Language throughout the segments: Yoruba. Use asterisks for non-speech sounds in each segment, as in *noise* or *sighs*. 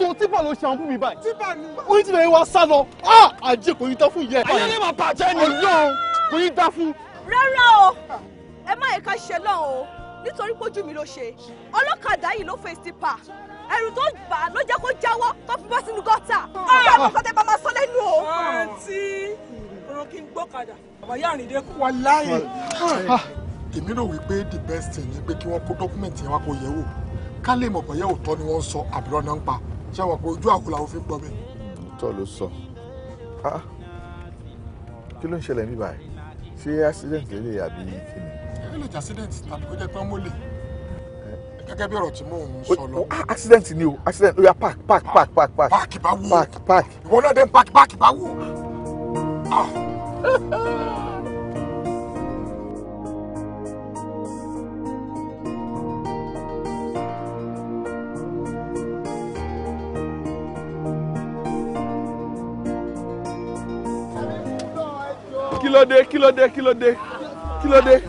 so tífà ló ṣe àwọn fún mi báyìí. tífà ni. oyin tífà yẹn wá sá lọ àjẹ kò ní tán fún ìyá ẹ. ayé bàjẹ́ ni. ọlọ́run kò ní tán fún. rárá o ẹ má yẹ ká ṣe lọ́hùn o nítorí pójú mi ló ṣe ọlọ́kadà yìí ló fẹ́ sípà ẹrù tó gbà ló jẹ́ kó jáwọ́ tó fi bọ́ sínú gọ́tà ọ̀rọ̀ àbúkọ́tẹ́ ah. bá máa ah. the best thing ni pé kí wọ́n kó dọ́kúmẹ̀ntì yẹn wá kó yẹ̀ ká lè mọ̀ bóyá òótọ́ ni wọ́n sọ àbúrò náà ń pa ṣe wọ̀ pé ojú àkùlà òfin pọ̀ mi. tọ́ ló sọ ah, kí ló ń ṣẹlẹ̀ ní báyìí ṣé accident lè àbí kí ni. ẹ lè jẹ́ accident tàbí kó jẹ́ pé wọ́n lè eh, gẹ́gẹ́ bí ọ̀rọ̀ tí mò ń sọ lọ. Ah, accident ni o accident oya park park park park park. park bá wò park park. ìwọ náà dé park park bá wò. Ah. *laughs* kílódé kílódé kílódé kílódé.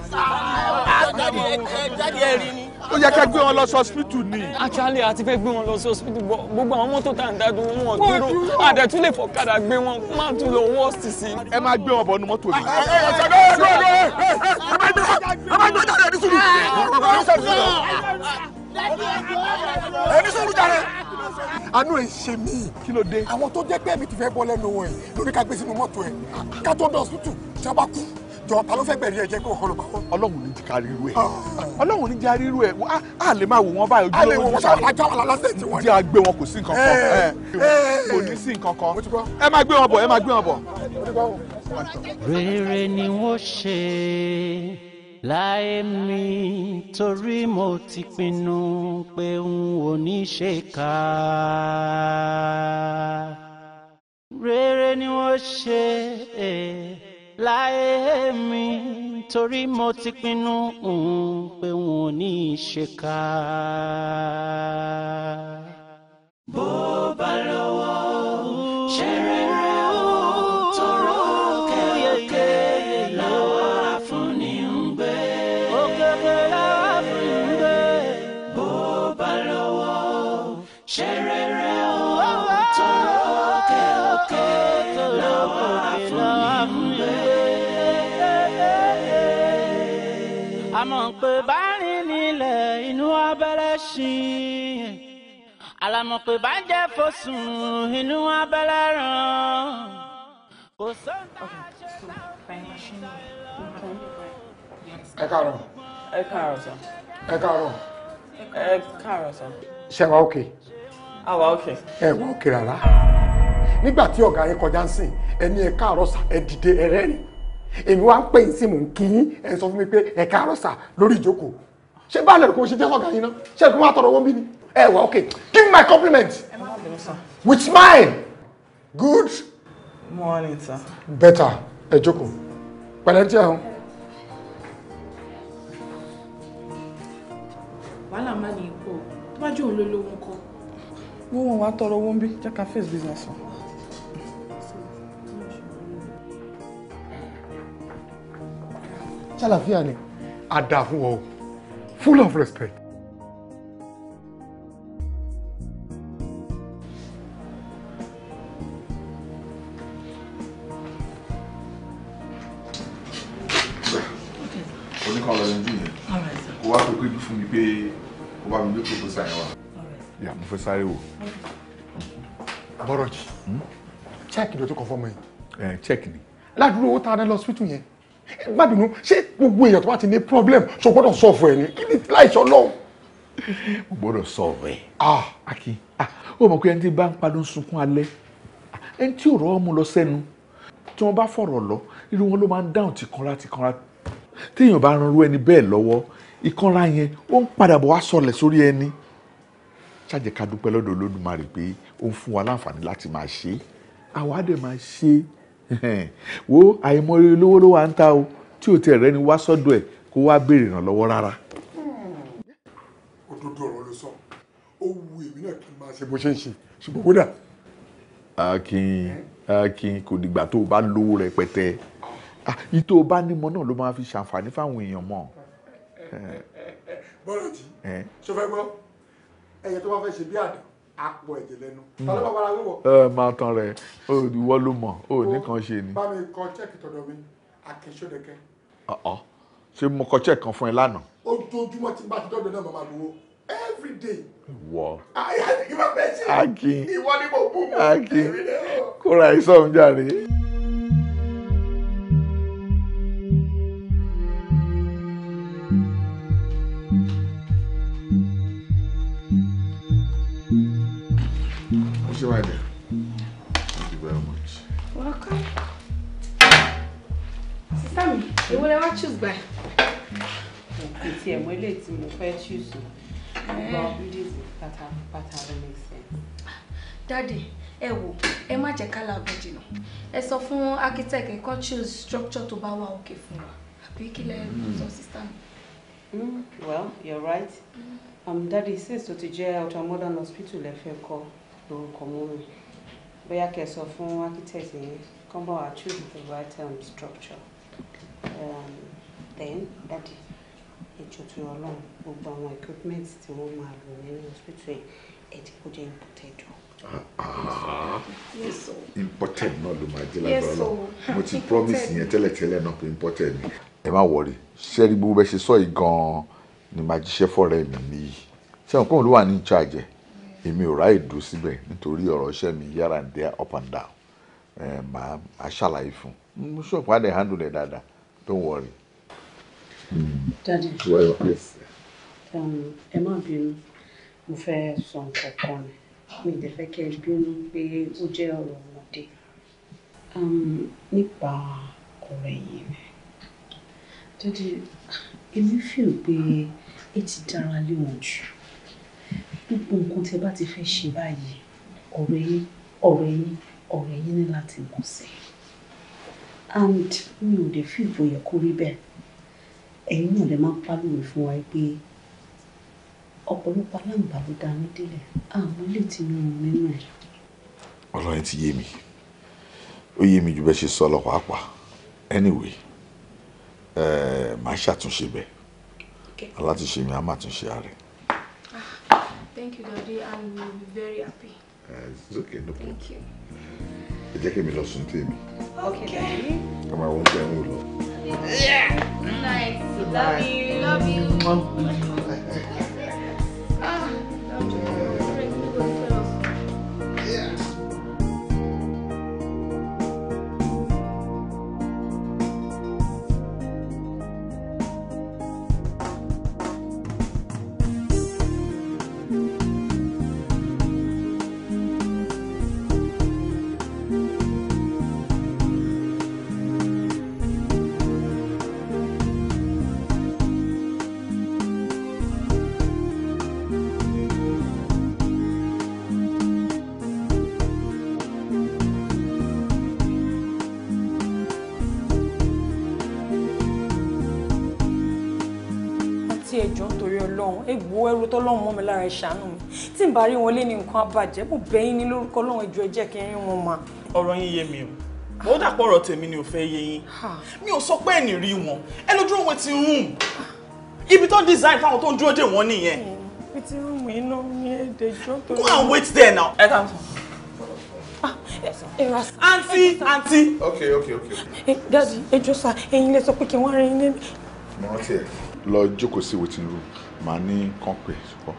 jáde ẹ rí ni. ó yẹ ká gbé wọn lọ sí hospital ni. actually a ti fẹ́ gbé wọn lọ sí hospital bọ̀ gbogbo àwọn mọ́tò tá à ń dájú wọn dúró àdẹ̀tún lè fọ̀kadà gbé wọn má tún lọ wọ́ọ̀ sì sí. ẹ máa gbé wọn bọ̀ nu mọ́tò mi. ẹ máa gbé jáde ẹni sùúrù ẹni sùúrù jáde àánú ẹ̀ ń ṣe mí. kí ló dé. àwọn tó jẹ́ pé ẹ̀mí ti fẹ́ bọ́ lẹ́nu wọn ẹ̀ lórí ká gbé sínú mọ́tò ẹ̀ ká tó dọ̀ sùtù tí wọ́n bá kú jọ ta ló fẹ́ bẹ̀rẹ̀ ẹ̀jẹ̀ kó kọ́ ló bá wọn. ọlọ́run ní ti kárí ẹ̀ ah. ọlọ́run ní járí irú ẹ̀ a lè máa wò wọ́n báyìí ojú ló ń sàlẹ̀ a lè wọn kò sí nǹkan kan eh, eh, eh, kò ní sí nǹkan kan ẹ máa gbé wọn bọ̀ ẹ máa gbé wọn bọ̀. rere ni wọ́n ṣe láì mi torí mo ti pinnu pé n ò ní ṣe ká rere ni wọ́n ṣe. Eh láyé mi torí mo ti pinnu mm, pé wọn ò ní í ṣèkà. bó bá lọ́wọ́. alamọ̀pẹ̀bárin nílẹ̀ inú abẹ́rẹ́ ṣí alamọ̀pẹ̀bájẹ́ fosùn inú abẹ́rẹ́ ràn kò sọ́ńtà ṣe ẹ káàárọ̀. ẹ káàárọ̀ sir. ẹ káàárọ̀. ẹ káàárọ̀ sir. ṣe wa òkè. a wà òkè. ẹ wà òkè rárá nígbà tí ọ̀gá yẹn kọjá ń sìn ẹni ẹ káàárọ̀ sà ẹ dìde ẹ rẹ́rìn èmi wá ń pè yín sí kí yín sọ fún mi pé ẹ̀ káàárọ̀ lórí ìjókòó ṣé báàlẹ̀ kò ṣe jẹ́sọ̀gà yín náà ṣé ẹ̀kún wàá tọrọ owó bí ni ẹ wà ok give me my compliment with smile good morning sir better ẹ jókòó pẹ̀lẹ́ tí ẹ̀ hàn. wàhálà máa ní ipò tó bá jẹ́ òun ló wọ́n wọ́n wá tọrọ owó ń bí jẹ́ ká face business wọn. ṣàlàfíà ni àdá ọ full of respect. oníkan lọ lẹ́nu yẹn kó wá pé pébí fún mi pé kó bá mi gbé proposal yẹn wá. yà mo fẹ́ sáré wò. bọ́rọ̀ jì hmm? check ló tó kọ fọ́ọ̀mù yẹn. Eh, check ni. ládùúgbò owó tá a ní lọ síbítù yẹn má bínú ṣé gbogbo èèyàn tó bá ti ní problem ṣo gbọ́dọ̀ sọ̀fù ẹ̀ ní kí ni láìsọ lọ́hùn. o gbọ́dọ̀ sọ̀fù ẹ̀. Ah. akin ó ah, mọ̀ pé ẹni tí bá ń padà ń sunkún alẹ́ ẹni tí ò rọ́ ọmú lọ sẹ́nu tí wọ́n bá fọ̀rọ̀ lọ irú wọn ló máa ń dáhùn tìkanra tìkanra téèyàn bá ran irú ẹni bẹ́ẹ̀ lọ́wọ́ ìkanra yẹn ó ń padà bọ̀ wá sọlẹ̀ sórí ẹni ṣáàjẹ́ ká dúpẹ́ lọ́dọ̀ Olódùmarè pé ó ń fún wa láǹfààní láti máa ṣe é àwa dẹ̀ máa ṣe é *laughs* wo àìmọye olówó ló wà ń ta o tí ò tiẹ̀ rẹ́ni wá sọ́dọ̀ ẹ̀ kó wá béèrè ìrànlọ́wọ́ rárá. òdodo ọ̀rọ̀ ló sọ ó wu èmi náà kí n máa ṣe bó ṣe ń ṣe ṣùgbọ́n kódà. akin akin kò dìgbà tó o bá lówó rẹpẹtẹ ah, ìtò o bá nímọ náà ló máa fi ṣàǹfààní fáwọn èèyàn mọ. bọ́lá jì sọ eh. gbọ́ ẹ̀yẹ tó bá fẹ́ ṣe bí àdán apò ẹ̀jẹ̀ lẹ́nu. ta hmm. ló bá wàrà wíwọ̀. ẹ máa tan rẹ o ìwọ ló mọ o nìkan ṣe ni. bá kọ chẹ́ẹ̀kì tọ̀dọ̀ mi àkẹ́sọ̀dẹ̀kẹ́. ọ̀ọ́ ṣé mo kọ chẹ́ẹ̀kì kan fún ẹ lánàá. ojoojúmọ́ tí bá ti dọ́dọ̀ náà màmá lówó every day. wọ. àyà ni kí n bá bẹ́ẹ̀ ṣe. akin ìwọ ni mo bú mu. akin kóra ìsọ̀ ń jàre. Èwo lẹ wá choose by? Kò tiẹ̀ mọ eléyìí tí mo fẹ́ choose o. Eh. But readings pátá pátá ló make sense. Daddy, Ewo, wò, ẹ má jẹ́ ká làágùn jìnnà. Ẹ architect kan choose structure to bá wà òkè fún wa. Àbí kí lẹ mm-hmm. sọ sister mi? Mm, well, you're right. Mm. Um, daddy, says to ti jẹ́ Ultra Modern Hospital lẹ fẹ́ kọ́ lórúkọ mú mi, bóyá kẹ́ sọ fún architect yẹn kán bá wa choose the right um, structure. Um, then dadi ìjọtú ọlọ́run gbogbo àwọn equipment tí wọ́n máa lò nínú hospital yẹn ẹ̀dí kó jẹ́ imported o. Ah, ah. imported náà ló máa jẹ́ lágbára lọ mo ti promise yẹn tẹ́lẹ̀tẹ́lẹ̀ náà pé imported ni. ẹ má wọrí ṣé rí gbogbo bẹ́ẹ̀ ṣe sọ yìí gan-an ni màá jíṣẹ́ fọ́ọ̀rẹ́ mi nìyí ṣé òun pọ́n ló wà ní charge èmi ò ráyè dúró síbẹ̀ nítorí ọ̀rọ̀ iṣẹ́ mi yára ń dẹ́ up and down màá ṣàlàyé fún un mo ṣọ̀pá dẹ̀ handle ẹ̀ dáadáa Don't worry. Daddy. Well, yes. Um, ẹ má bínú, mo fẹ́ sọ nǹkan kan ni. Mi dẹ̀ fẹ́ kẹ́ ẹ bínú pé ó jẹ́ ọ̀rọ̀ ọmọdé. Um, nípa ọ̀rọ̀ ẹ̀yìn mi. Daddy, èmi feel pé ẹ ti dára lé wọn jù. Gbogbo nǹkan tẹ bá ti fẹ́ ṣe báyìí, ọ̀rọ̀ ẹ̀yìn, ọ̀rọ̀ ẹ̀yìn, and mi ò dé fi for your rí bẹ́ẹ̀ ẹ̀yin náà lè máa pálówe fún wa pé ọ̀pọ̀lọpọ̀ aláǹgbá ló dání délẹ̀ àmọ́ lè ti ní ohun nínú ẹ̀. ọ̀rọ̀ yẹn ti yé mi ó yé mi ju bẹ́ẹ̀ ṣe sọ lọ pàápàá anyway eh, màá ṣàtúnṣe bẹ́ẹ̀ alátúnṣe mi á má túnṣe ààrẹ. Ah, thank you, Daddy, and will be very happy. Uh, it's okay, no problem. Thank you ẹ jẹ́ kí mi lọ sùn tèmi. ẹ máa wọ́n fẹ́ ń wò lọ. Nice. Love you. Love you. wo ẹrú tọ́lọ́run mọ́ mi lára ẹ ṣàánú mi tí n bá rí wọn lé ní nǹkan àbàjẹ́ mo bẹ̀ yín ní lórúkọ Ọlọ́run ẹjọ́ ẹ jẹ́ kí n rí wọn mà. ọ̀rọ̀ yín yé mi o mo dàpọ̀ ọ̀rọ̀ tèmi ni ò fẹ́ yé yín mi ò sọ pé ẹ̀nì rí wọn ẹ lójú òun ti rún ibi tó design fáwọn tó ń dúró dè wọ́n nìyẹn. fiti rúùmù iná ní èdè ìjọ tó. go and wait there now. ẹ káàmù. àǹtí àǹtí. ok ok ok. dadi ejò sá ẹ̀yin lè sọ pé kí n wá rí yín lé. mo rántí ẹ lọ jókòó sí waiting room màá ní kàn pè sùpọ̀.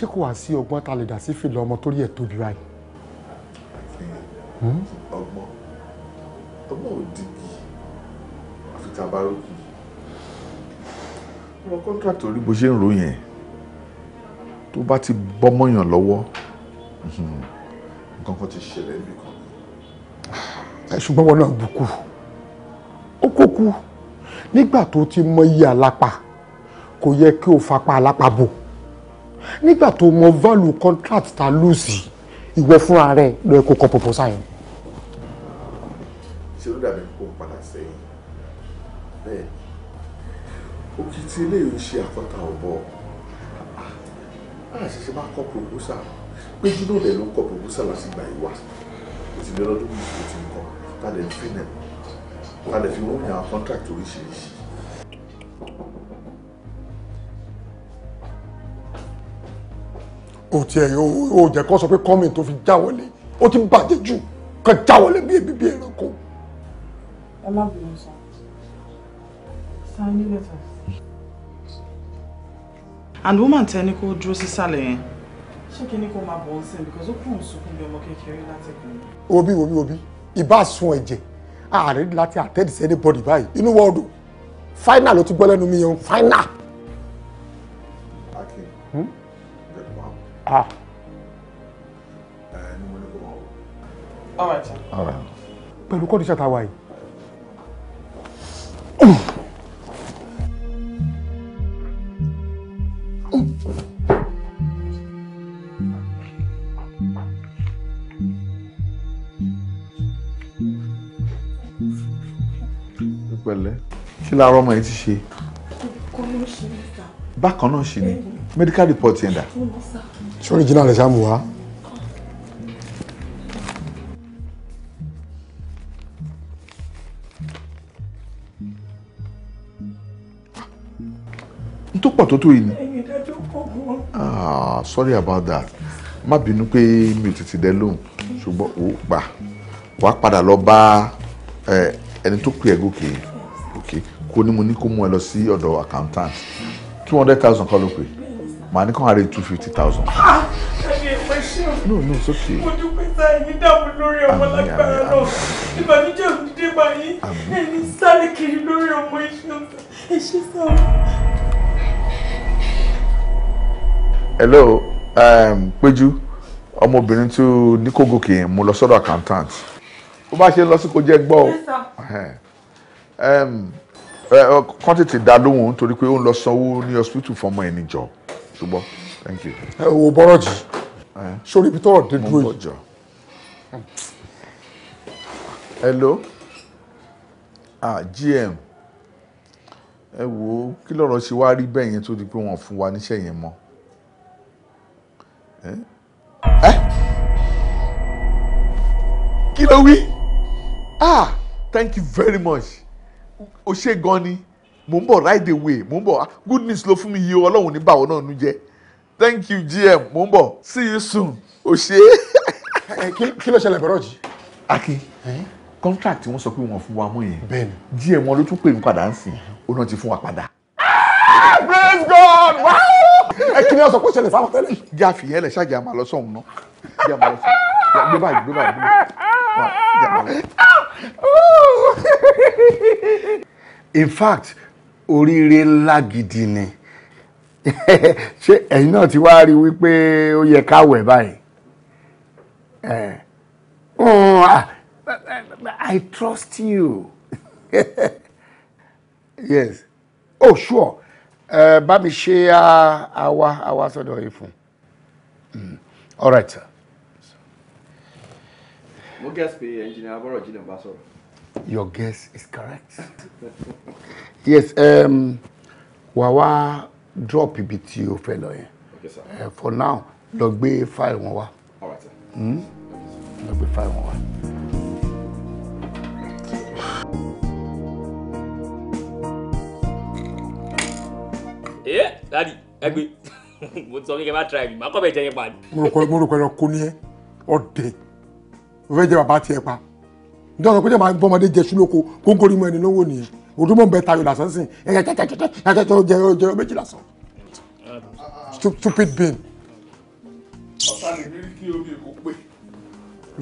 ṣé kò wá sí ọgbọ́n tá a lè dá sí fìlà ọmọ torí ẹ̀ tóbi báyìí. Hmm? contract orí bó ṣe ń ro yẹn tó bá ti bọ́mọ̀yàn lọ́wọ́ mhm, nǹkan kan ti ṣẹlẹ̀ níbi kan. ṣùgbọ́n wọn náà bùkù ó kókú nígbà tó ti mọ iye àlápà kò yẹ kí o fapá àlápà bò nígbà tó mọ value contract ta lùsì ìwọ fúnra rẹ ló yẹ kó kọ pọpọ sáyẹn. ṣé ló dàbí kó padà sẹ́yìn bẹ́ẹ̀ ni òkìtì eléyìí ń ṣe àkọta ọ̀bọ ah, àṣìṣe máa kọ pòpósà péjú náà dẹ̀ ló ń kọ pòpósà láti gbà yìí wá òtí lé lọ́dún méjì tó ti ń kọ́ ta lè fi nẹ̀ ta lè fi wọ́n yàn contract oríṣiríṣi. o tiẹ̀ o jẹ́ kó sọ pé kọ́mìn tó fi já wọlé ó ti bàjẹ́ jù kan já wọlé bí ebi bí ẹranko. ẹ má bínú sá sá nílẹ̀ tàbí and woman tell ní kó dúró sísàlẹ̀ yẹn ṣé kí ni kó máa bọ̀ ọ́n sìn because ó kàn ń sunkún bí ọmọ that láti kùn. obi obi obi ìbá sun ẹ̀jẹ̀ ààrẹ láti àtẹ́ẹ̀dì sí anybody by. You báyìí inú do? final ló ti gbọ́ lẹ́nu mi yẹn final. Okay. Hmm. Ah. All right, sir. All right. Pẹ̀lú kọ́ndíṣà tá a wà yìí. pẹ̀lẹ́ kí láàárọ ọmọ yìí ti ṣe. bákan náà ṣì ni medical report yẹn dà. ṣé original rẹ̀ ṣàmù wá. n tó pọ̀ tó tó yìí ni sorry about that má bínú pé mi ò tètè dẹ lóhùn ṣùgbọ́n ò gbà wàá padà lọ bá ẹni tó pè ẹ́ gòkè gòkè kó ní mo ní kó mú ẹ lọ sí ọ̀dọ̀ accountant two hundred thousand kọ́ ló pè màá ní kàn á rí two fifty thousand. Ah, no no it's okay. mo dúpẹ́ sá ẹni dààmú lórí ọmọ lágbára náà ìbànújẹ́ òdìdé máa yí ẹni sáré kiri lórí ọmọ iṣẹ́ ẹ ṣe sáà. hello um, Péjú ọmọbìnrin tó ní kó gòkè yẹn mo lọ sọ́dọ̀ accountant bó bá ṣe lọ sí kó jẹ́ gbọ́ o um, kán tètè dá lóhùn nítorí pé ó ń lọ sanwó ní hospital fọmọ ẹni jọ ṣùgbọ́n thank you. ẹ wo bọ́rọ̀ jì sórí ibi tọ́rọ̀ dé dúró yìí. hello ah GM ẹ wo kí lọ́rọ̀ ṣe wá rí bẹ́ẹ̀ yẹn tó di pé wọ́n fún wa níṣẹ́ yẹn mọ́ ẹ kí ló wí ah thank you very much o ṣe gan ni mò ń bọ̀ right away mò ń bọ̀ ah, good news ló fún mi yìí ọlọ́run ní báwo náà nu jẹ́ thank you gm mò ń bọ̀ see you soon o ṣe. kí ló ṣẹlẹ̀ bọ́rọ̀ jì. akin contract wọn sọ pé wọn fún wa mọ yẹn bẹ́ẹ̀ni gm wọn ló tún pè mí padà ń sìn ó náà ti fún wa padà. Ah, praise god wow ẹ kí ọsọ kó ṣẹlẹ̀ sáwọn tẹ́lẹ̀. jẹ́ àfihàn ẹ̀ ṣáàjì àmà lọ́sọ̀ ọ̀hún náà jẹ́ àmà lọ́sọ̀ gbé báyìí gbé báyìí jẹ́ àmà in fact oríire ńlá gidi ni *laughs* ṣé ẹ̀yin náà ti wá rí wípé ó yẹ káwẹ̀ báyìí mm, ah, I trust you *laughs* yes oh sure ẹ ṣe àwa àwa sọ́dọ̀ yìí fún hmm. all right sir. mo guess pé engineer abọ́rọ̀jì náà bá sọ̀rọ̀. your guess is correct *laughs* yes um, wà wá drop ibi tí o fẹ́ lọ yẹn okay sir eh, for now lọ gbé file wọn wá all right sir hmm? lọ gbé file wọn wá. Thank you. ẹ dadi ẹ gbé mo sọ mi kẹ má try mi má kọ́ bẹ jẹ yẹn pa ni. mo rò pé mo rò pé ẹranko ni ẹ ọdẹ o fẹ́ jẹ bàbá tiẹ̀ pa nítorí ọ̀sán pé jẹ́ máa bọ́mọdé jẹ ṣúlóko kóńkórí mọ́ ẹni lówó nìyẹn òdúmọ̀ bẹ tayò lásán sìn ẹ̀yà jẹ́jẹ́jẹ́jẹ́ jẹ́ jẹ́ méjì lásán stupid being. ọ̀sán lè rí kí omi èkó pé.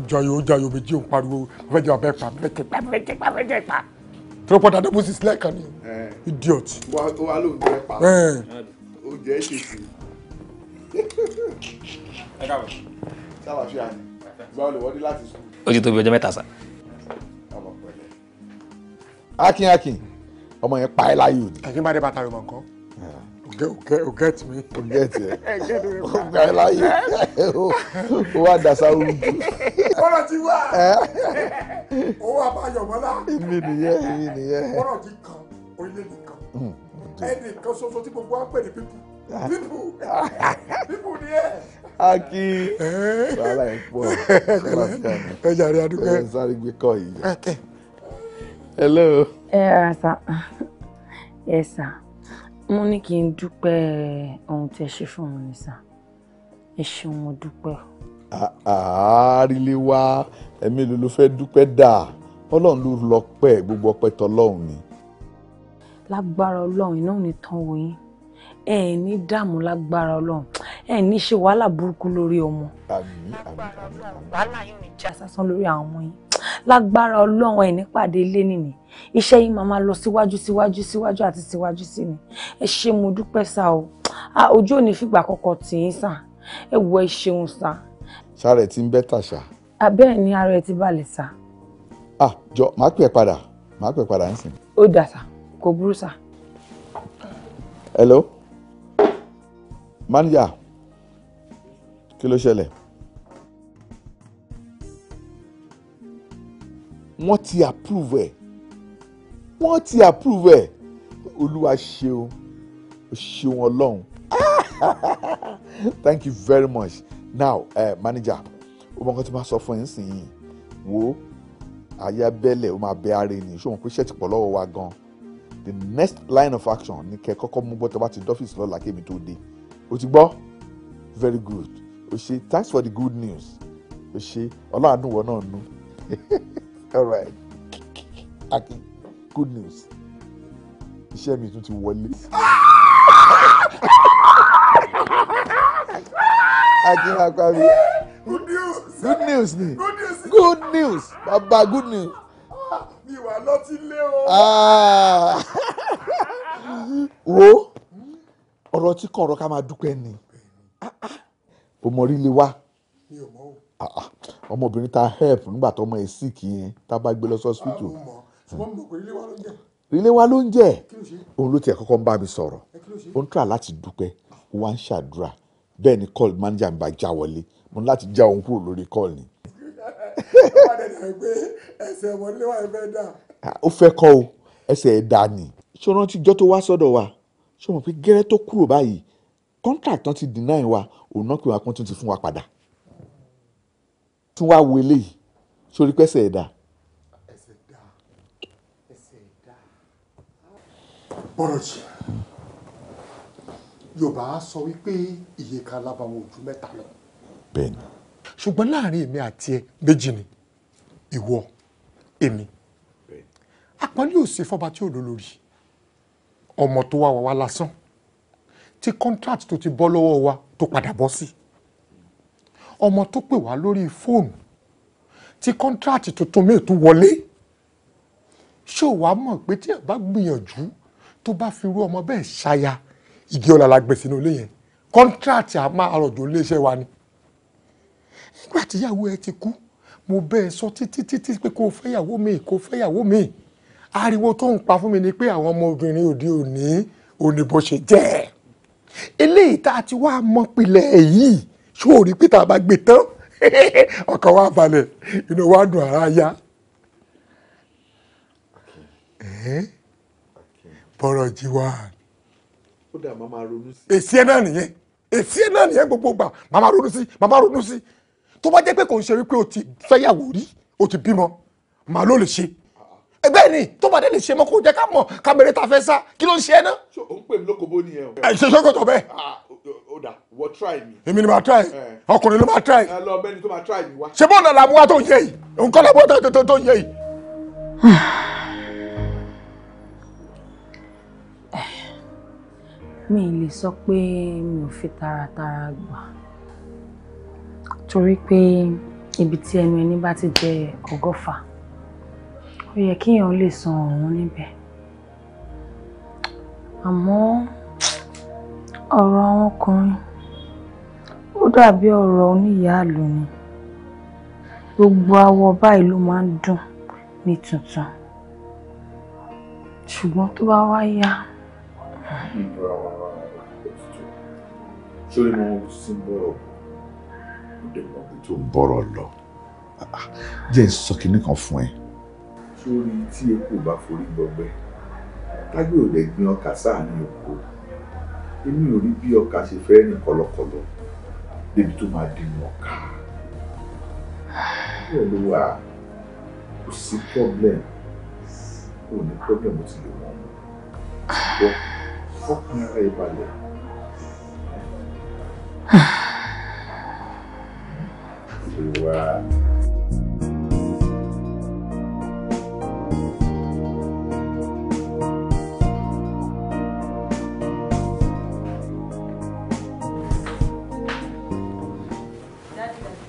jọyọ̀ jọyọ̀ méjì ń pariwo fẹ́ jẹ́ bàbá ẹ̀ pa bẹ́ẹ̀ tẹ̀ pa bẹ́ẹ̀ tẹ̀ pa bẹ́ẹ̀ tẹ̀ pa tó pọ̀ dàdé bó sì sílẹ̀ kan ni idiot. wà ló ń jẹ pa ó eh. jẹ ẹ ṣèṣì. ẹ káàbọ̀ sábà fi àná ìgbà wo lè wọlé láti sùn. ó ti tó bí ọjọ́ mẹ́ta sá. akin akin ọmọ yẹn pa ẹ́ láyò ni. akin bá dé bàtà rẹ̀ mọ̀ nǹkan o get me. o get ẹ o gbà ẹ láàyè o wa dasa o ju. kọ́rọ̀ ti wá o wa bá yọ̀mọ́lá. èmi nìyẹn èmi nìyẹn. kọ́rọ̀ ti mm, mm, mm. kan orílẹ̀ nìkan ẹnìkan ṣoṣo tí gbogbo wa pè ní pípù pípù pípù ni ẹ. aki wàhálà ẹ pọ̀ ẹ jàre adúgbò ẹ sáré gbé kọ yìí. hello. ẹ ẹ sà ẹ sà mo ní kí n dúpẹ́ ohun tí ẹ ṣe fún mi nìsa ẹ ṣeun mo dúpẹ́. àárílẹ̀ wá ẹ̀mí ló ló fẹ́ẹ́ dúpẹ́ dà ọlọ́run ló lọ pẹ́ gbogbo ọpẹ́ tọlọ́run ni. lágbára ọlọ́run iná ò ní tán wò yín ẹ ẹ ní dààmú lágbára ọlọ́run ẹ ní ṣe wàhálà burúkú lórí ọmọ. àmín àmín àmín. wàhálà yóò ní já sásán lórí àwọn ọmọ yín lágbára ọlọ́run ẹ̀ nípàdé ilé nìní iṣẹ́ yìí máa máa lọ síwájú síwájú síwájú àti síwájú sí ni ẹ ṣé mo dúpẹ́ sá o ojú ò ní fìgbà kọ̀ọ̀kan tì í sà ẹ wọ ẹ ṣeun sá. sáré ti ń bẹ́ tàṣà. abẹ́rẹ́ ni ara ẹ ti balẹ̀ sá. ah jọ màá pè padà màá pè padà nísìn. ó dà sá kò burú sá. hello manager kí ló ṣẹlẹ̀. wọ́n ti approve ẹ̀ wọ́n ti approve ẹ̀ olúwa ṣeun ṣeun ọlọ́run *laughs* thank you very much now uh, manager o mọ nǹkan tí ma sọ fún ẹ nísìnyí wo àyà bẹ́lẹ̀ o máa bẹ ara ẹni ṣé o mọ̀ pé ṣẹ́ẹ̀tì pọ̀ lọ́wọ́ wa gan the next line of action ni kẹ́ kọ́kọ́ mú bọ́tọ̀ bá ti dọ́fíìsì lọ́la kémi tó dé o ti gbọ́ very good o ṣe thanks for the good news o ṣe ọlọ́run àdúgbò náà nu. *laughs* all right akin good news iṣẹ́ mi tún ti wọlé. akin apá mi good news good news ni good news baba good news. mi wà lọ́tí lé o. Ah. wo ọ̀rọ̀ tí kọ̀ọ̀rọ̀ ká máa dúpẹ́ ni o mọ̀ rí lè wá. mi ò ọmọbìnrin ta help nígbà tó ọmọ ẹ̀ sick yẹn tá a bá gbé lọ sí hospital. Ah, ilé wa ló ń jẹ́ òun ló tiẹ̀ kọ́kọ́ ń bá mi sọ̀rọ̀ ó ń tà láti dúpẹ́ ó ń ṣàdúrà bẹ́ẹ̀ ni call manager mi bá já wọlé mo ní láti já òun kúrò lórí call ni. ó ah, fẹ́ kọ́ o ẹsẹ̀ ẹ̀ dà ní. ṣé o rántí tó wá sọ́dọ̀ wa ṣé o mọ̀ pé gẹ́rẹ́ tó kúrò báyìí contract tán ti deny wa òun náà pé wa kan tún ti fún wa padà tún wá wo eléyìí sórí pẹ́sẹ̀ ẹ̀dá. bọ́rọ̀jì yorùbá sọ wípé iye kan lábàwọn ojú mẹ́ta lọ. bẹ́ẹ̀ni. ṣùgbọ́n láàrin èmi àti ẹ méjì ni ìwọ èmi àpọ́nlé ò ṣe fọ́ba tí ò lólórí ọmọ tó wá wá wá lásán tí contract tó ti bọ́ lọ́wọ́ wa tó padà bọ́ sí. Si ọmọ tó pè wá lórí fóònù tí kọ́ńtíráàtì tuntun míì tún wọlé ṣé ò wá mọ̀ pé tí ẹ bá gbìyànjú tó bá fi irú ọmọ bẹ́ẹ̀ ṣaya ìgé ọ̀la la gbé sínú ilé yẹn kọ́ńtíráàtì a máa rọ̀jò iléeṣẹ́ wa ni. nígbà tíyàwó ẹ ti kú mo bẹ́ẹ̀ sọ títí títí pé kó o fẹ́yàwó mi kó o fẹ́yàwó mi ariwo tó ń pa fún mi ni pé àwọn ọmọbìnrin òde òní òní bó ṣe jẹ́ eléyìí tá a ti wá mọ́pilẹ̀ yìí ṣó o rí pé tá a bá gbé tán *laughs* ọkàn wa balẹ̀ inú wa dùn ara yá bọ́rọ̀ jí wá. ó dà máa ronú sí. èsì ẹ náà nìyẹn èsì ẹ náà nìyẹn gbogbo gbà máa ronú sí máa ronú sí tó bá jẹ́ pé kò ń ṣe wípé o ti fẹ́yàwó rí o ti bímọ màá ló lè ṣe Eh, bẹ́ẹ̀ ni tó bá dé lè ṣe mọ́ kó jẹ́ ká mọ̀ ká bẹ̀rẹ̀ ta fẹ́ sá kí ló ń ṣe ẹ́ ná. ó ń pè mí lóko bó nìyẹn o. ẹ eh, ṣe sọ́kòtò bẹ́ẹ̀. ó ah, dà wọ try mi. èmi ni màá try eh. ọkùnrin ló máa try. ẹ lọ bẹ́ni tó máa try mi wá. ṣé bó ọ̀nà làbúwá tó ń yẹ yìí nǹkan làbúwá tó tó ń yẹ yìí. *sighs* mi ì lè sọ pé mi ò fi taratara gbà torí pé ibi tí ẹnu ẹni bá ti jẹ ọgọ́fà ó yẹ kíyàn lè san òun níbẹ̀ àmọ́ ọ̀rọ̀ àwọn ọkùnrin ó dàbí ọ̀rọ̀ oníyàálù ni gbogbo awọ báyìí ló máa ń dùn ní tuntun ṣùgbọ́n tó bá wá yá. ṣé mo ti ń bọ̀rọ̀ ọdẹ ọkùnrin tó ah, ah, jẹ́ sọ kan fún ẹ sórí tí epo bá forí gbọgbẹ tágbé ò lè gbin ọkà sáàárín oko èmi ò rí bí ọkà ṣe fẹ́ rìn kọlọkọlọ débi tó máa dènà ọkà *sighs* bẹ́ẹ̀ ló wà kò sí problem kò ní problem ó ti lè wọ́n mu ṣùgbọ́n ọkùnrin ara ẹ balẹ̀. *sighs* Hmm? Wow.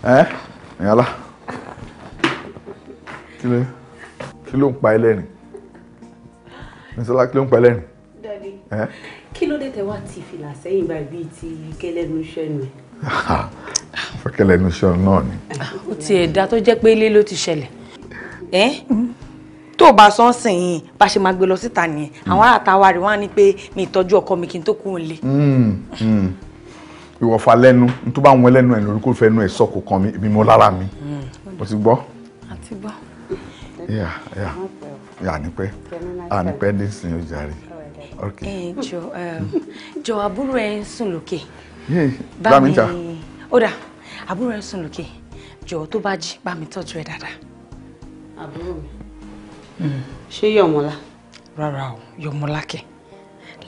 ẹ ìyálà kí ló kí ló ń pa ẹlẹ́rìn nísọlá kí ló ń pa ẹlẹ́rìn. dadi kí ló dé tẹ wá ti fìlà sẹ́yìn báyìí bíi ti kẹlẹ́nu sẹ́nu ẹ̀. fẹ́kẹ́lẹ́nu sẹ́nu náà ni. ó ti ẹ̀dá tó jẹ́ pé ilé ló ti ṣẹlẹ̀ ẹ́ tó o bá sọ ń sìn yín bá ṣe máa gbé lọ síta nìyẹn àwọn aráàta wọn á ní pé mi ìtọ́jú ọkọ mi kí n tó kú òun lé ìwọ̀fà lẹ́nu tó bá wọn lẹ́nu ẹ̀ lórí kó fẹ́ nu ẹ̀ sọ́kò kan mi ìbímọ lára mi hmm. mo ti gbọ́. àti gbọ́. yà yà yà nípẹ́ ànípẹ́ ní sin ọjà rẹ̀. ẹ jọ jọ àbúrò ẹ sùn lókè. bá mi ó dà àbúrò ẹ sùn lókè jọ tó bá jí bá mi tọ́jú ẹ dáadáa. àbúrò mi hmm. ṣé yọmọlá. rárá o yọmọlá kẹ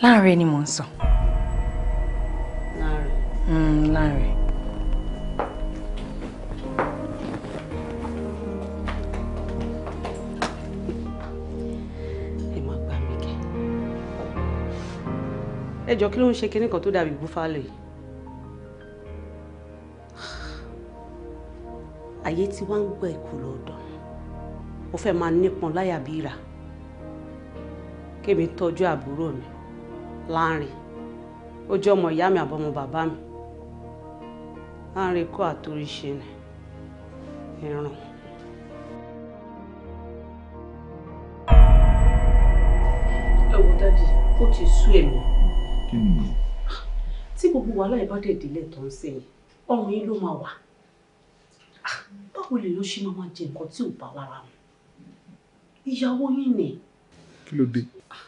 láàrin ni mò ń sọ. Mm, láàrin. ẹ jọ kí ló ń ṣe kinní kan tó dàbí búfálò yìí ayé tí wọ́n ń gbọ́ ẹ̀kú lọ́dọ̀ ó fẹ́ máa nípọn láyà bí ra kémi tọ́jú àbúrò mi láàrin ó jẹ́ ọmọ ìyá mi àbọ̀mọ bàbá mi láàrin ikú àtòríṣe ni ẹ̀ràn. ẹ wo dájú ó ti sú èmi. kí ni. tí gbogbo wàhálà yìí bá dẹ̀ délẹ̀ tó ń ṣe yìí ọrùn yín ló máa wà ah, báwo lè ló ṣe máa máa jẹ nǹkan tí ò bá lára mu ìyàwó yín ni. kí ló dé. Ah,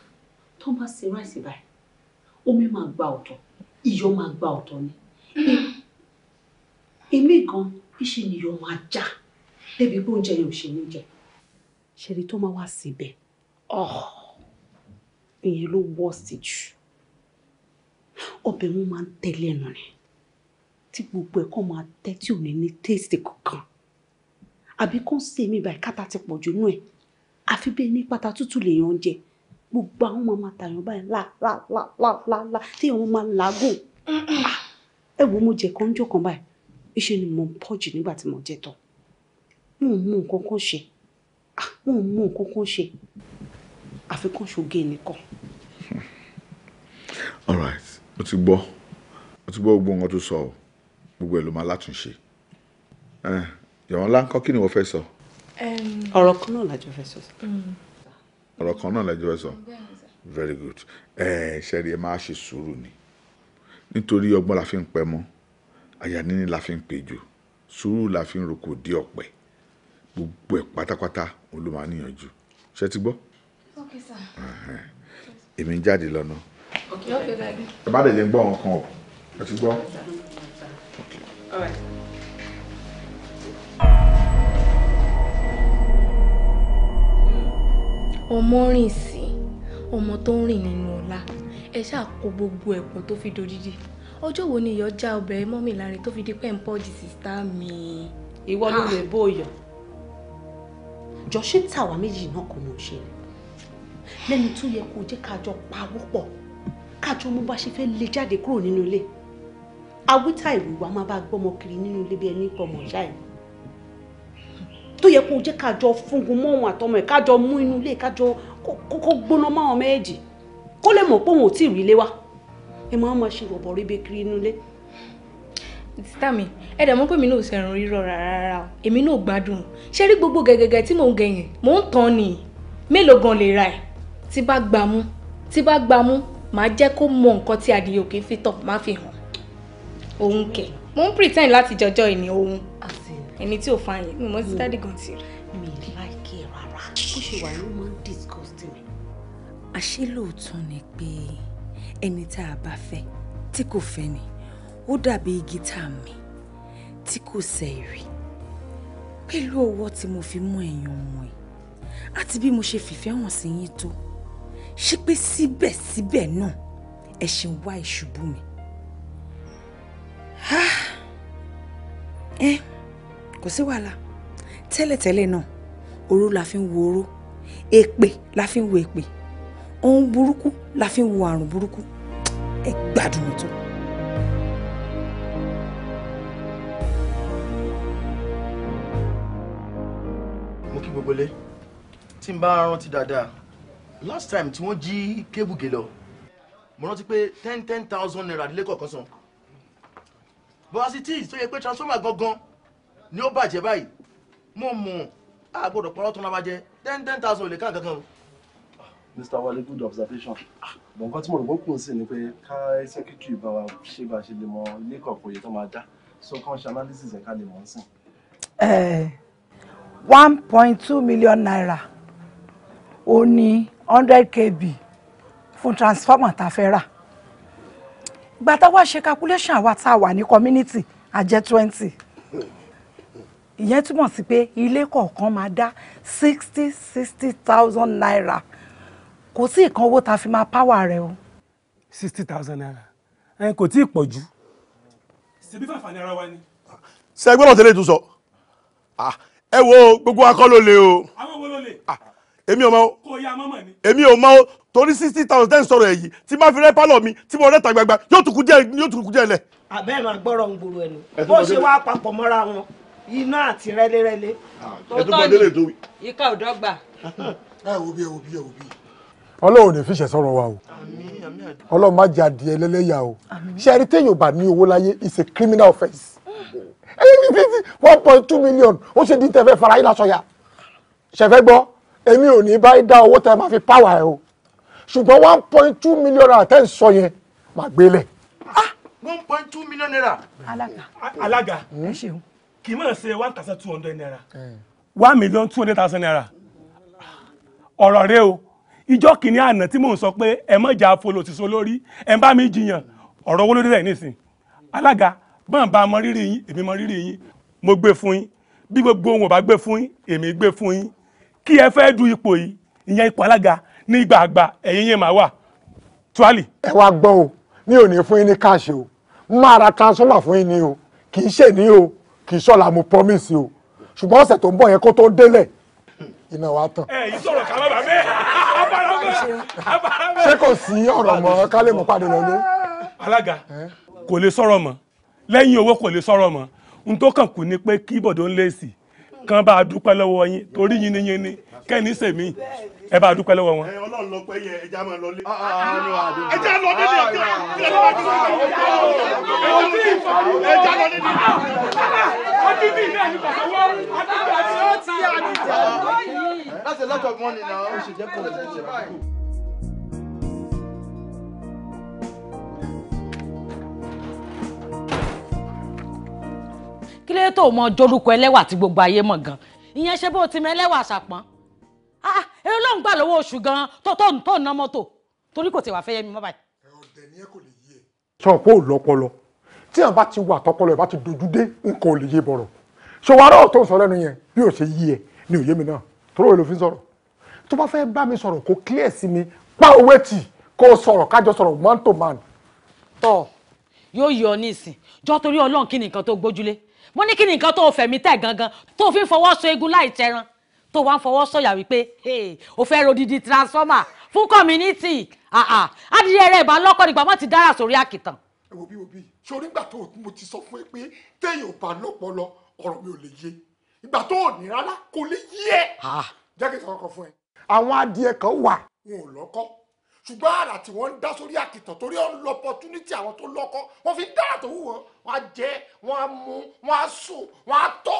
tó bá ṣe ráìsì báyìí omi máa gba ọ̀tọ̀ iyọ̀ máa gba ọ̀tọ̀ ni èmi gan iṣẹ nìyọ máa já débi pé oúnjẹ yẹn ò ṣe ní jẹ ṣèlè tó máa wá síbẹ̀ oh, ìyẹn ló wọ́ sí jù ọbẹ̀ wọn máa ń tẹ̀lé ẹnu ni tí gbogbo ẹ̀ kọ́ máa tẹ́ tí ò ní ní téèsì kankan àbí kó ń ṣe mí báyìí kátà ti pọ̀jù nú ẹ̀ àfi bẹ́ẹ̀ ní pátá tútù lèèyàn jẹ gbogbo àwọn máa máa tàyàn báyìí láláláláláláá tí àwọn máa làágùn ah, ẹ wo mo jẹ kọ́ńjọ́ kan báyìí iṣẹ́ ni mo ń pọ̀ jù nígbà tí mo jẹ tán mo ń mú nǹkan kan ṣe ah, mo ń mú nǹkan kan ṣe àfikún ṣoge nìkan. *laughs* all right mo ti gbọ́ mo ti gbọ́ gbogbo nǹkan tó sọ gbogbo ẹ̀ ló máa látúnṣe eh, yọ̀wọ́n láńkọ́ kí ni wọ́n fẹ́ sọ. ọ̀rọ̀ kan náà lájọ fẹ́ sọ. Mm. ọ̀rọ̀ kan náà lájọ fẹ́ sọ very good eh, ṣẹ́ni ẹ máa ṣe sùúrù ni nítorí ọgbọ́n la fi ń pẹ́ mọ́ àyà níní la fi ń pejò sùúrù la fi ń roko dé ọ̀pẹ gbogbo ẹ̀ pátápátá òun ló máa níyànjú ṣe ti gbọ́. Okay sir. èmi ń jáde lọ́nà. Okay okay daddy. ẹ má lè lè gbọ́ nǹkan o ẹ ti gbọ́. All right. ọmọ rìn sí ọmọ tó ń rìn nínú ọlá ẹ ṣáà kó gbogbo ẹ̀gbọ́n tó fi dodidi ọjọ́ wo ni iyọ̀ já obìnrin mọ́ mi lára tó fi di pé ń pọ̀ jù sísá mi. ìwọ ló ah. lè bó iyọ̀ jọ ṣé tàwa méjì náà kò mọ̀ ṣe lẹ́nu tó yẹ kó jẹ́ ká jọ pawọ́ pọ̀ ká jọ mú bá ṣe fẹ́ lè jáde kúrò nínú ilé awítà ìlú wa máa bá gbọ́mọ kiri nínú ilé bí ẹni pọ̀ mọ̀ ìyá ẹ̀ tó yẹ kó jẹ́ ká jọ fúngun mọ́ òun àtọmọ ẹ̀ ká jọ mú inú ilé ká jọ kó gbóná máwọn méjì kó lè mọ̀ pé òun ò tí rí ilé wa ẹ máa ma ṣe bọ̀bọ̀ ríbe kiri inú ilé. títà mi ẹ dẹ̀ mọ̀ pé mi náà sẹ̀rùn rírọ̀ rárá o èmi náà gbádùn ṣé rí gbogbo gẹ̀gẹ̀gẹ̀ tí mò ń gẹ̀yìn mò ń tàn ni mélòó gan lè ra ẹ̀ tí bá gbà mú tí bá gbà mú màá jẹ́ kó mọ nǹkan tí adìyẹ fi tọ̀ má fi hàn òun kẹ̀ mò ń pretend láti jọjọ́ ìní òun ẹni tí ò fa yẹn mi mọ sí dádì gan ti rí. mi láìkí rárá bó àṣé lóòótọ́ ni pé. Pe ẹni tá a bá fẹ́ tí kò fẹ́ ni ó dàbí igi tá a mì tí kò sẹ̀ èrè pẹ̀lú ọwọ́ tí mo fi mú ẹ̀yàn ọmọ ẹ̀ àti bí mo ṣe fìfẹ́ hàn sí yín tó ṣe pé síbẹ̀síbẹ̀ náà ẹ wá ìṣubú mi. Ah! ẹ kò sí wàhálà tẹ́lẹ̀tẹ́lẹ̀ náà oró la fi ń wo oró èpè la fi ń wo èpè ohun burúkú la fi ń wo àrùn burúkú ẹ gbádùn tó. mo kí gbogbo lé tí n bá rántí dáadáa last time tí wọ́n jí kébù gè lọ mo rántí pé ten ten thousand naira nílé kọ̀ọ̀kan san bọ́sí tíì tó yẹ pé transformer gangan ni ó bàjẹ́ báyìí mo mọ̀ a gbọ́dọ̀ pọ́nrọ́ tó ń labajẹ́ ten ten thousand ò lè ká nǹkan kan o. Mr. Wale good observation ah, bọ̀ nǹkan tí mo rò wọ́n kùn sí ni pé ká secretary bá wa ṣe bá ṣe lè mọ ilé kọ̀ọ̀kan òye tó máa dá so kàn ṣe analysis ẹ̀ ká lè mọ̀ ọ́n sìn. Eh, one point two million naira ó ní hundred kb fún transformer tá a fẹ́ rà ìgbà tá ṣe calculation àwa tá a wà ní community a jẹ́ twenty ìyẹn túmọ̀ sí pé ilé kọ̀ọ̀kan máa dá sixty sixty thousand naira kò tí ì kan owó ta fi máa páwà rẹ o. sixty thousand naira ẹ kò tí ì pọ̀ jù. ṣebí fàfà ni ara wa ni. ṣe ẹgbẹ́ náà tẹ́lẹ̀ tún sọ ẹ wo gbogbo akọ́ ló le o. àwọn wo ló le. èmi ò mọ kò ya mọ́mọ́ ni. èmi ò mọ torí sixty thousand ten sọ̀rọ̀ ẹ̀yìn tí máa fi rẹ́ pálọ̀ mi tí mo rẹ́ta gbagba yóò tukú díẹ̀ yóò tukú díẹ̀ lẹ̀. àbẹ́ẹ̀ máa gbọ́rọ̀ ń gbòòrò ẹnu bó ṣe wá papọ̀ mọ́ra wọn iná àti rẹ́lẹ́rẹ́lẹ́. tó tọ́ ni ìka ò dọ́gba. *laughs* ẹ wo bí ẹ wo bí ẹ wo bí ọlọ́run ò ní fi ṣe sọ̀rọ̀ wa o ọlọ́run má jẹ́ adìẹ ẹlẹ́lẹ́yà o ṣe ẹni téèyàn bá ní owó láyé is a criminal offence ẹyẹ mi fi one point two million ó ṣe di tẹ̀fẹ́ fara yín lásọ̀yà ṣẹ̀fẹ́ gbọ́ èmi ò ní báyìí dá owó tẹ̀ máa fi pàwà ẹ̀ o ṣùgbọ́n one point two million naira tẹ́ ń sọ yẹn máa gbélé. Ah! one point two million naira. alága alága kì í mọ̀ ṣe one thousand two hundred naira eh. one million two hundred thousand naira ah! ọ̀rọ̀ rẹ o ìjọ́ kìíní àná tí mò ń sọ pé ẹ mọ̀ jà folo ti so lórí ẹ bá mi jiyàn ọ̀rọ̀ owó lórí rẹ̀ nísìn alága bọ́n bá mọ rírì yín èmi mọ rírì yín mo gbé fún yín bí gbogbo wọn bá gbé fún yín èmi gbé fún yín kí ẹ fẹ́ du ipò yìí ìyẹn ipò alága ní gbàgbà ẹ̀yìn yẹn máa wà tuwali. ẹ wá gbọ́n o mi ò ní fún yín ní káàṣì o máa ra transformer fún yín ni o kì í ṣe ní o kì í ṣọ́la mo promise o ṣùgbọ́n ọ̀sẹ̀ tó ń bọ̀ yẹn kó tó délẹ̀ iná wa tán. ẹ ṣé kò sí ọ̀rọ̀ mọ́ ká lè mú padà lọ́lé. alága kò lè sọ̀rọ̀ mọ́ lẹ́yìn owó kò lè sọ̀rọ̀ mọ́ n tó kàn kù ni pé kí ń lé sí i kan bá a dúpẹ́ lọ́wọ́ yín torí yiniyini kẹ́ni sèmi ẹ bá dúpẹ́ lọ́wọ́ wọn. ọlọ́run lọ pẹ́ yẹ ẹja máa lọ lé. Ah, ah, ah, ẹja lọ lé ní kí ló tó mọ jórúkọ ẹlẹ́wà tí gbogbo ayé mọ̀ gan ìyẹn ṣe bó ti mọ ẹlẹ́wà ṣàpọ́n ah, ah èrò ló ń gbà lọ́wọ́ oṣù gan tó tó tó ná mọ́tò torí kò tẹ̀ wá fẹ́ yẹ mi mọ́ báyìí. ọ̀dẹ̀ ni ẹ kò lè yé ẹ. sọ pé ò lọ́pọlọ tí àwọn bá ti wà tọpọlọ ẹ bá ti dojú dé nǹkan ò lè yé bọ̀rọ̀ ṣòwárọ̀ tó ń sọ lẹ́nu yẹn bí ò ṣe yí ẹ ni òye mi náà torí òye fi ń sọ̀rọ̀ tó bá fẹ́ bá mi sọ̀rọ̀ kó clear sí mi pa owó tì kó sọ̀rọ̀ kájọ sọ̀rọ̀ man to man. tọ yóò yọ ọ ní ìsìn jọ torí Ọlọ́run kí nìkan tó gbójúlé mo ní kí ni nǹkan tó fẹ̀mí tẹ̀ gangan tó fi ń fọwọ́ sọ egun láì tẹran tó wá ń fọwọ́ sọ̀yà wípé o fẹ́ rodidi transformer fún community adìyẹ rẹ̀ ìbá lọ́kọ̀ nígbà má ti dára sórí àkìtàn. ẹ bí wo bí sori ìgbà tó mo ti sọ fún ẹ pé téèyàn ò bá lọ́pọlọ ọ̀rọ̀ mi ò lè yé ìgbà tó ò ní rárá kò lè yé ẹ. jẹ́ kí n sọ ọkọ̀ fún ẹ. àwọn adìyẹ kan wà. wọn ò lọ́kọ́ ṣùgbọ́n àrà tí wọ́n ń dá sórí àkìtàn torí ọ̀n lọ opportunity àwọn tó lọ́kọ́ wọ́n fi dá àtọ̀wù wọn wọ́n á jẹ wọ́n á mu wọ́n á sùn wọ́n á tọ̀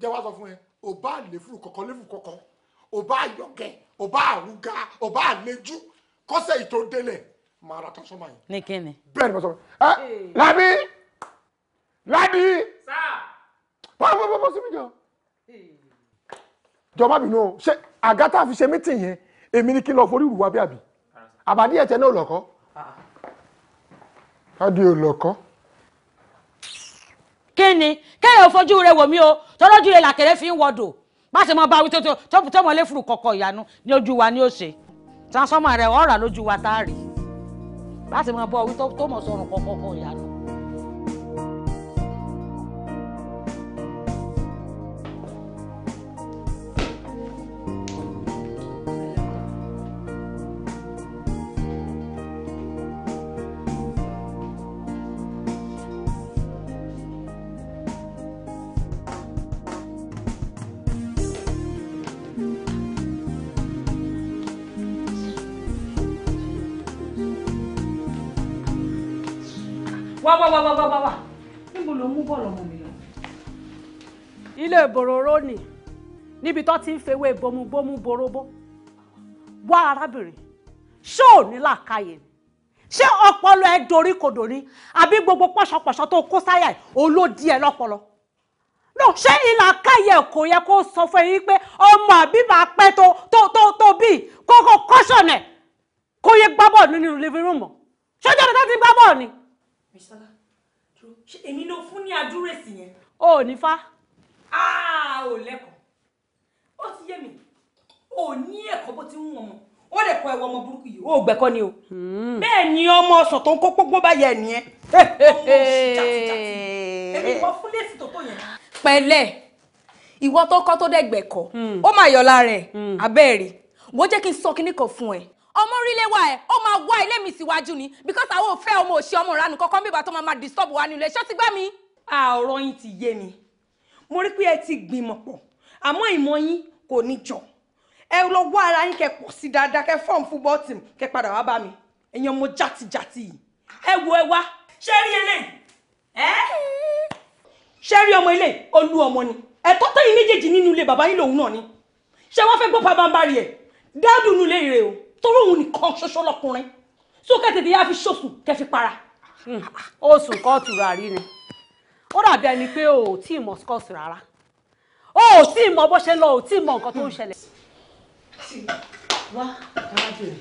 jẹ́ wá sọ fún ẹ ò bá léfùrù kọ̀kan léfùrù kọ̀kan ò bá yọ̀gẹ̀ ò bá àrúga ò bá àlejú kọ́sẹ̀ ìtò délẹ̀ máa ra tán sọ́mà yìí. ní kíni. bẹ́ẹ̀ ni mo sọ ẹ Lábí Lábí. sáà. báwo báwo jọ jọba bínú o ṣe àgátà fi ṣe mítìn yẹn èmi ni kí n lọ forí ìrùwà bí àbí àbádí ẹ̀tẹ̀ náà lọ́kọ́ káàdì ò lọ́kọ́. kí ni kéèyàn fojú rẹ wò mí o tọ́lọ́jú rẹ làkèrè fi ń wọdò má ṣe mọ bá wí tó tọmọlé furu kọ̀kọ̀ ìyanu ní ojú wa ni ó ṣe transformer rẹ ọ̀rà lójú wa tá a rí má ṣe mọ bọ́ wí tó mọ̀ sọ̀rùn kọ̀kọ̀ ìyanu. wá wá wá wá wá wá níbo ló mú bọ́ọ̀lù ọmọ mi lọ. ilé ìbòròró ni níbi tó ti ń fewé bomubomu borobó wá arábìnrin ṣé ò ní làákàyè ni ṣé ọpọlọ ẹ dorí kodò ni àbí gbogbo pọ̀ṣọpọ̀ṣọ tó kó sáyà ẹ̀ olódì ẹ lọ́pọlọ no ṣé ìlàkàyè kò yẹ kó sọ fún ẹ yín pé ọmọ àbíbà pẹ́ tó tó tó tó bíi kókó kọ́ṣọ̀nẹ̀ kó yẹ gbá nínú living room ṣé ó bí wọ́n ti gbá ni. Mísọ́lá dúró ṣé èmi ló fún ní àdúrèsì yẹn. o ò ní fa. a ò lẹ́kọ̀ọ́ ó ti yé mi o ò ní ẹ̀kọ́ bó ti ń wọ̀n mọ́ ó lè kọ́ ẹwọ́ ọmọ burúkú yìí ó gbẹ́kọ́ ni o. Hmm. bẹ́ẹ̀ ni ọmọ ọsàn tó ń kó pópó báyẹn nìyẹn. ọmọ òsì jàtìjàtì èmi kò fún lẹ́sìn tó tó yẹn. pẹ̀lẹ́ ìwọ tó kọ́ tó dẹ̀gbẹ̀kọ́ hmm. ó máa yọ̀ lára ẹ̀ hmm. abẹ́ẹ̀rẹ̀ wọ́n jẹ́ kí n sọ kinní fún ẹ ọmọ orílẹ̀ wa ẹ̀ ó máa wá ilé mi síwájú ni because àwọn ò fẹ́ ọmọ òṣì ọmọ ìranù kankan bíbá tó máa máa disturb wa nílé ṣé ti gbá mi. ọ̀rọ̀ yín ti yé mi mo rí pé ẹ ti gbìmọ̀ pọ̀ àmọ́ ìmọ̀ yín kò ní jọ ẹ lọ wá ara yín kẹ pọ̀ sí dáadáa kẹ fọ́ọ̀mù football team kẹ padà wá bá mi ẹ̀yin ọmọ játijàti yìí ẹ wo ẹ wá ṣé rí eléyìí ẹ ṣé rí ọmọ eléyìí olú ọmọ ni ẹ tọ́tọ́ yín méjèèjì nínú ilé bàbá yín lòun náà ni ṣé wọ́n fẹ́ gbọ́ pabambarì ẹ̀ dáàdùn nulẹ̀ rẹ̀ o torí òun nìkan ṣoṣo lọkùnrin tó kẹ́tẹ̀dẹ̀ yá fi ṣòṣù kẹfì para. oṣù kóòtù rárí ni ó dàbí ẹni pé o ò tí ì mọ̀ scott rárá o ò tí ì mọ̀ bó ṣe lọ o ò tí ì mọ̀ nǹkan tó ń ṣẹlẹ̀. wá arábìnrin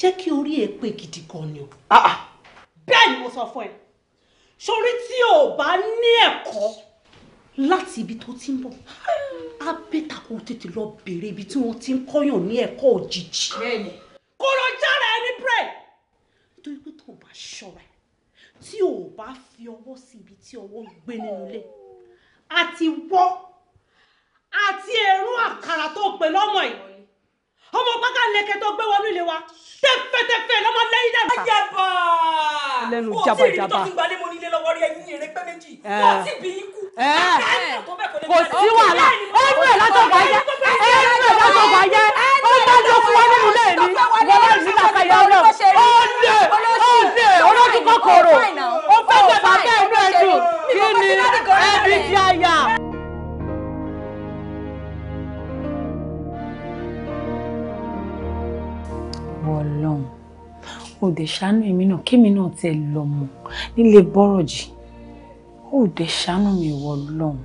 jẹ́ kí orí ẹ pé gidi gan ni o. Ah, ah. bẹ́ẹ̀ ni mo sọ fún ẹ sórí tí o ò bá ní ẹ̀kọ́ láti ibi tó ti ń bọ̀ á hmm. bẹ́tà kó tètè lọ bèrè ibi tí wọ́n ti ń kọ́yàn ní ẹ̀kọ́ òjijì kó lọ jára ẹni brẹ̀ nítorí pé tó o bá ṣọ́ra tí o bá fi ọwọ́ sí ibi tí ọwọ́ gbé nínú ilé àti wọ́ àti ẹ̀rú àkàrà tó pè lọ́mọ yìí ọmọ pákà lẹkẹ tó gbé wọnú ilé wa tẹfẹtẹfẹ lọmọ lẹ́yìn dàgbà. ajaba lẹnu jaba jaba kò tí ì rí tọ́sí nílé lọ́wọ́ rí ẹyin yẹrẹ pẹ́ méjì kò tí bí ikú. kò sí wàhálà ẹnu ẹ̀ látọ̀gbà yẹ ẹnu ẹ̀ látọ̀gbà yẹ ó ń dájọ́ fún nínú ilé mi wọlé ìlú làkàyà ọlọ́ọ̀ ó lè ó lè. dẹ̀ ṣàánú èmi náà kémi náà tiẹ̀ lọ mọ̀ nílé bọ́rọ̀jì ó dẹ̀ ṣàánú mi wọ lọ́hùn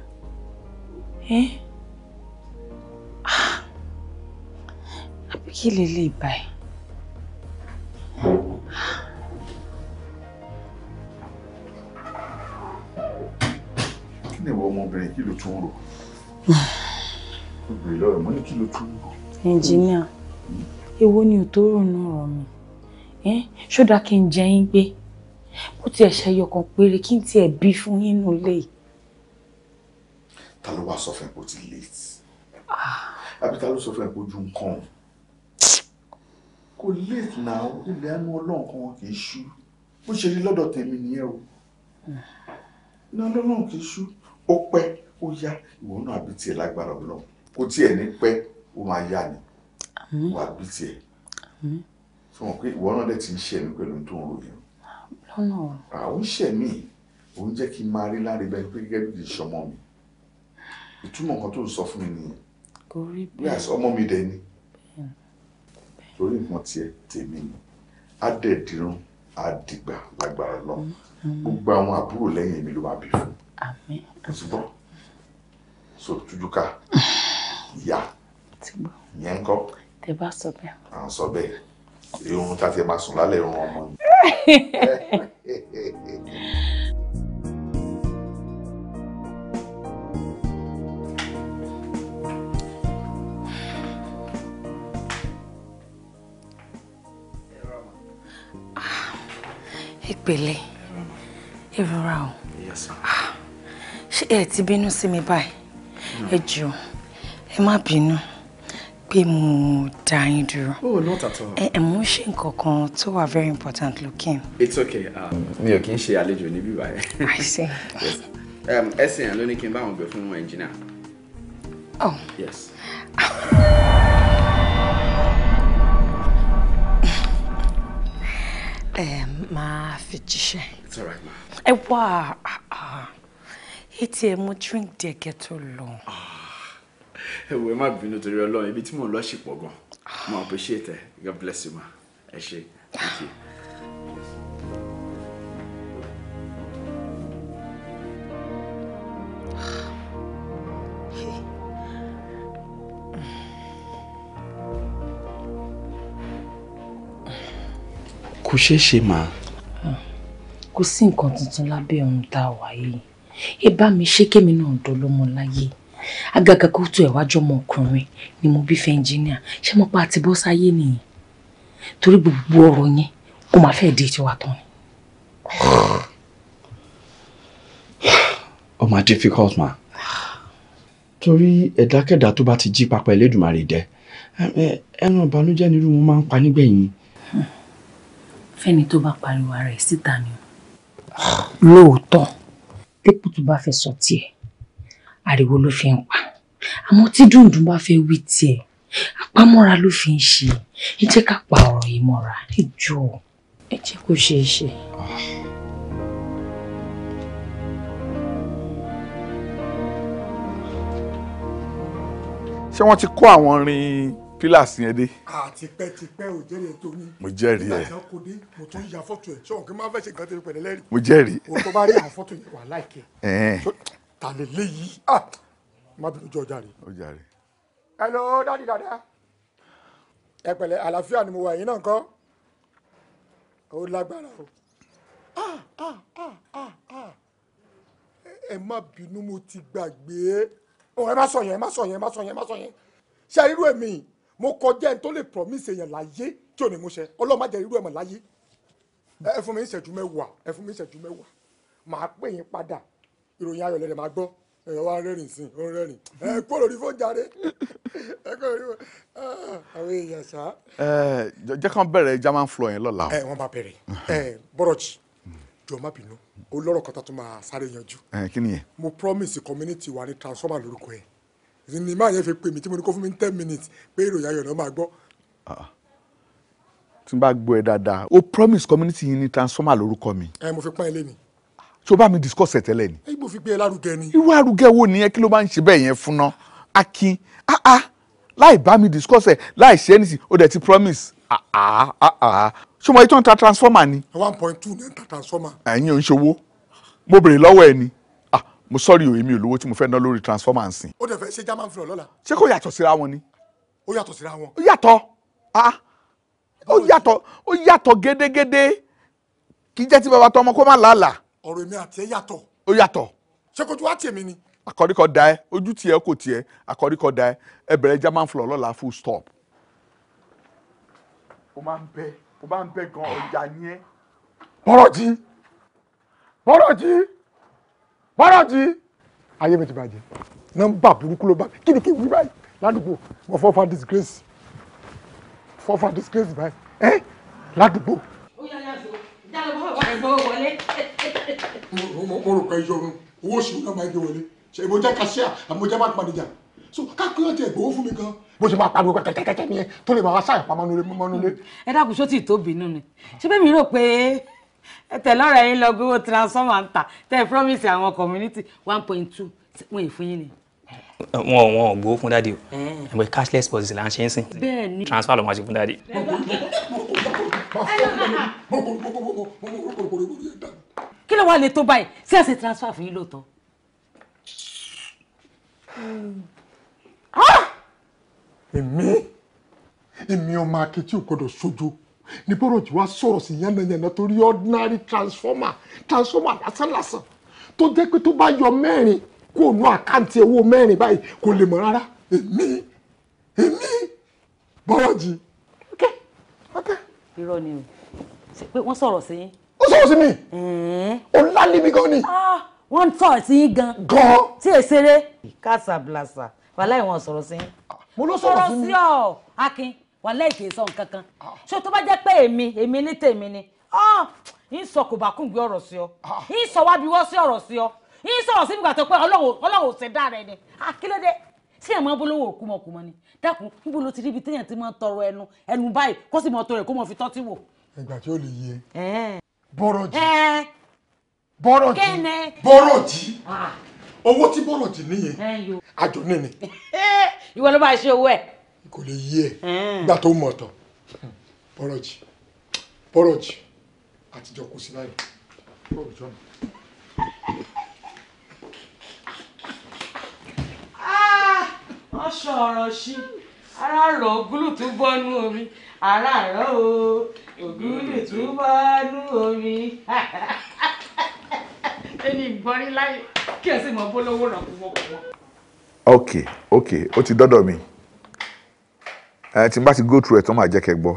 ẹ́ ah! àbí kí lè lè báyìí. kí ni ìwọ ọmọbìnrin kí ló tún rò hmm. obìnrin lọ́rọ̀ mọ́ ní kí ló tún rò. ẹnjìníà hmm. ni ò tó rò náà rọ̀ mi. Eh, ṣódà kí n jẹ yín gbé bó tiẹ̀ ṣẹyọ kan péré kí n tiẹ̀ bí fún yín nù lè. ta ló wá sọ fún ẹ pé ó ti late ah. àbí ta ló sọ fún ẹ pé ojú nǹkan kò late now ilẹ̀ ẹnu ọlọ́run kan kì í ṣú bó ṣe rí lọ́dọ̀ tèmi nìyẹn o iná ọlọ́run kì í ṣú ó pẹ́ ó yá ìwọ náà àbí tiẹ̀ lágbára ọlọ́run kò tiẹ̀ ní pẹ́ ó máa yá ni wà á bí tiẹ̀ sọ wọn pé ìwọ náà dẹ̀ ti ń ṣe mí pẹ̀lú tó ń ròyìn. lọ́nà o. àwọn ṣẹ̀ mí òun jẹ́ kí n máa rí láre bẹ́ẹ̀ pé gẹ́gẹ́ bí ìṣọmọ mi ìtumọ̀ nǹkan tó ń sọ fún mi nìyẹn. kò rí bẹ́ẹ̀ bí ọmọ mi dẹ ni torí nǹkan tiẹ̀ tèmi ni á dẹ̀ dirun á dìgbà lágbára lọ mm-hmm. gbogbo àwọn àbúrò lẹ́yìn mi ló máa bí fún. àmín. ẹ̀sùnbọ̀ so tujuka *sighs* ìyá ìyẹn ń tẹ bá sọ bẹ́ẹ̀. à ń sọ bẹ́ẹ̀ irun tá a ti máa sùn lálẹ́ irun ọmọ ni. *laughs* ìpele ìrora o ah, ṣé ẹ ti bínú sí mi báyìí hmm. ẹ jù ẹ má bínú pé mo dá yín dúró. oh not at all. ẹ ẹ mo ṣe nǹkan kan tó wà very important looking. it's okay uh, mi ò kí ń ṣe àlejò níbí báyẹn. i see. ẹsìn um, ẹ̀ ló ní kí n bá wọn gbé fún ẹnjìnà. oh. yes. ẹ *laughs* máa fi jíṣẹ́. it's alright ma. ẹ wá etí ah, ah. ẹ mo drink díẹ̀ kẹ́ tó lọ. Ah ẹ wo ẹ má bínú torí Ọlọ́run ibi tí mò ń lọ ṣì pọ̀ gan mo appreciate it. God bless you ma ẹ ṣé thank you. kò ṣeé ṣe mà. kò sí nǹkan tuntun lábẹ́ ohun tá a wà yìí ẹ bá mi ṣe kémi náà dọ́lọ́mọ láyé àgàgà kó tó ẹ̀wájú ọmọkùnrin ni mo bí fẹ́ ẹnjìníà ṣé mo pa àti bọ́ sáyé nìyẹn torí gbogbo ọ̀rọ̀ yẹn ó máa fẹ́ di tiwa tán ni. *sighs* ó máa difficult ma torí ẹ̀dákẹ́dá tó bá ti jí papọ̀ ẹlẹ́dùnmarè dẹ ẹran ìbànújẹ́ nírú wọn máa ń pa nígbẹ̀yìn. Hmm. fẹ́ni tó bá pariwo ara ẹ̀ síta ni o *sighs* lóòótọ́ tẹ́kùtù bá fẹ́ sọ tiẹ̀ ariwo ló fi ń pa àmọ́ tí dùndùn bá fẹ́ wí tiẹ̀ àpamọ́ra ló fi ń ṣe ẹ jẹ́ ká pa ọ̀rọ̀ yìí mọ́ra ẹ jọ̀ọ́ ẹ jẹ́ kó ṣeé ṣe. ṣé wọ́n ti kó àwọn rin pílàsì yẹn dé. àtipẹ́ tipẹ́ ò jẹ́rìí ètò mi. mo jẹ́rìí ẹ̀. ìlànà kò dé mo tún ya fọ́tò ẹ̀ ṣé òun kì í máa fẹ́ ṣe nǹkan tó ń pẹ̀lẹ́ lẹ́rìí. mo jẹ́rìí. o tó bá rí àwọn fọ́tò yẹn wà láìkẹ́ ta lè léyìí ah! má bínú jọ jàre. ó jàre. hello dáàdi dada ẹ pẹ̀lẹ́ àlàáfíà ni mo wà yín náà kọ́ ó lágbára o ah, ah, ẹ má bínú mo ti gbàgbé ẹ má sọ yẹn ẹ má sọ yẹn ẹ má sọ yẹn ẹ má sọ yẹn ṣe irú èmi mo kọjá ẹni tó lè promise èèyàn láyé tí ò ní mú ṣe ọlọ́run má jẹ́ irú ẹ̀ mọ̀ láyé ẹ fún mi ìṣẹ́jú mẹ́wàá ẹ fún mi ìṣẹ́jú mẹ́wàá màá pè yín padà ìròyìn ayọ̀ lẹ́dẹ̀ máa gbọ́ ẹ wá rẹ́rìn sí ó rẹ́rìn ẹ kó lórí fún jàre ẹ kó lórí fún ah, àwọn èèyàn sá. ẹ jẹ́ kàn bẹ̀rẹ̀ german floor yẹn lọ́la. ẹ wọ́n bá bẹ̀rẹ̀ ẹ bọ́rọ̀jì jọ má bínú o lọ́rọ̀ kan tó tún máa sáré yanjú. ẹ kí ni yẹn. mo promise community wa ni transformer lórúkọ ẹ ní máa yẹn fi pè mí tí mo ní kó fún mi ní ten minutes pé ìròyìn ayọ̀ náà máa gbọ́ ah, ah. tí n bá gbọ́ ẹ dáadáa o promise community yìí ni transformer lórúkọ mi. ẹ mo fi pọ́n ẹ lé mi ṣé o bá mi discuss ẹ̀ tẹ́lẹ̀ ni. ibo fi pé ẹ lárugẹ ni. irú àrùgẹ wo nìyẹn kí ló máa ń ṣe bẹ́ẹ̀ yẹn fún ná akin ah ah láì bá mi discuss ẹ̀ láì ṣe anything o dẹ̀ ti promise ah ah ah ah ṣé mo ta transformer ni. one point two ní ta transformer. ẹ̀yin ò ń ṣòwò mo béèrè lọ́wọ́ ẹ ni ah mo sọ́ọ̀rì òye mi ò lówó tí mo fẹ́ ná lórí transformer nsìn. ó dẹ̀ fẹ́ ṣe german floor lọ́la. ṣé kò yàtọ̀ síra wọn ni. ó yàtọ̀ síra wọn. ó yàtọ̀ ah ó yàtọ̀ ó yàtọ̀ gédégédé kì í jẹ́ tí bàbá tọmọ kó má làálàá ọ̀rọ̀ èmi àti ẹ yàtọ̀. ó yàtọ̀. ṣé kò tí wàá tèmi ni. àkọ́ríkọ́ da ẹ ojú tiẹ̀ kò tiẹ̀ àkọ́ríkọ́ da ẹ ẹ bẹ̀rẹ̀ german floor lọ́la full stop. ó máa ń bẹ ó máa ń bẹ gan ọjà yẹn. bọ́rọ̀jì bọ́rọ̀jì bọ́rọ̀jì. ayé mi ti bàjẹ́ nọ́mbà burúkú ló bá kí ni kí n wí báyìí ládùúgbò mo fọ́ fa disgrace fọ́ fa disgrace báyìí ẹ́ ládùúgbò. ó yára yá so ìjà ló bọ́ ọ̀gá ẹ̀gbọ́n wọlé mo rò pé yọrun owó oṣù náà máa gbé wọlé ṣe mo jẹ́ cashier àmọ́ mo jẹ́ bank manager so kákúrò tiẹ̀ gbowó fún mi gan bó ṣe máa pariwo kẹkẹkẹkẹ nìyẹn tó lè máa wá sáyà pamọ́ nulẹ̀ mọ́ nulẹ̀. ẹ dákun sótì tó bínú ni ṣé bẹ́ẹ̀ mi rò pé ẹ tẹ̀lé ọ̀rẹ́ yín lọ gbowó transformer ń tà tẹ́ ẹ promise àwọn community one point two wọn è fún yín ni wọn wọn ò gbowó fún dáàdi o ẹgbẹ cashless policy là ń ṣe ń sìn transfer ló máa ṣe fún dáàdi kí ló wà lè tó báyìí sí ẹsẹ transfer fún yín lóòótọ́. Hmm. Ah! èmi èmi ọmọ akin tí ò gbọdọ̀ ṣojú ní bọ́rọ̀ jù wá sọ̀rọ̀ sí yánnayànna torí ordinary transformer transformer lásánlásán tó jẹ́ pé tó bá yọ mẹ́rin kó nu àkáǹtì owó mẹ́rin báyìí kò lè mọ̀ rárá èmi èmi bọ́rọ̀ jì. irọ́ ni o ṣe pé wọ́n sọ̀rọ̀ sí yín ó sọ̀rọ̀ sí mi ó mm-hmm. lálé mi gan ni. Ah, wọ́n ń tọ̀ sí yín gan. gan. tí èsèré. kásá blasa wàhálà ìwọ̀n sọ̀rọ̀ sí yín. mo ló sọ̀rọ̀ sí mi. sọ̀rọ̀ sí ọ akin wàhálà ìkè sọ nǹkan kan ṣé tó bá jẹ́ pé èmi èmi ní tèmi ni ah, ń sọ kò bá kún gbé ọ̀rọ̀ sí ọ ah. ń sọ wá bí wọ́n sí ọ̀rọ̀ sí ọ ń sọ̀rọ̀ sí mi gbà tó pé ọlọ́wọ́ ṣẹ̀dá rẹ ni akílódé tí ẹ̀ máa bólówó òkúmọkùmọ ni dákun bọ́rọ̀jì bọ́rọ̀jì bọ́rọ̀jì owó tí bọ́rọ̀jì níyẹn àjò nìní. ìwọ ló máa ṣe owó ẹ. kò lè yí ẹ gbà tó mọ̀ tán bọ́rọ̀jì bọ́rọ̀jì àtijọ́ kù sí báyìí bọ́rọ̀jì ah! ọ̀nà. ọ̀ṣọ́ ọ̀rọ̀ ṣí ara rọ̀ gúlù tó bọ́ nú omi aláàárọ̀ o ògúdù túbọ̀ nú omi ẹni *laughs* ìgbọ́nrí láyé kí ẹ sì mọ bólówó ràn kúmọ̀ kúmọ̀. ok ok ó ti dọ́dọ̀ mi ẹ tí bá ti go through ẹ̀ tán máa jẹ́ kẹ́ gbọ́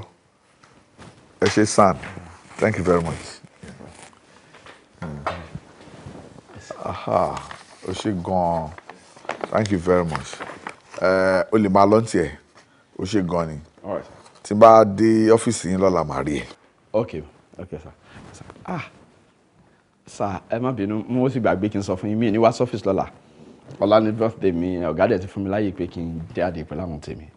ẹ ṣe san thank you very much. aha ó ṣe gan-an thank you very much. ẹ o lè máa lọ́ntì ẹ̀ ó ṣe gan-an ni. All right tí n bá dé ọ́fíìsì yín lọ́la màá rí ẹ. ok ok sir ah sir ẹ má bínú mo sì gbàgbé kí n sọ fún yín mi ní wá sọ́fíìsì lọ́la ọ̀la ni birthday mi ọ̀gá dẹ̀ ti fún mi láyè pé kí n jáde pẹ̀lú àwọn tèmi.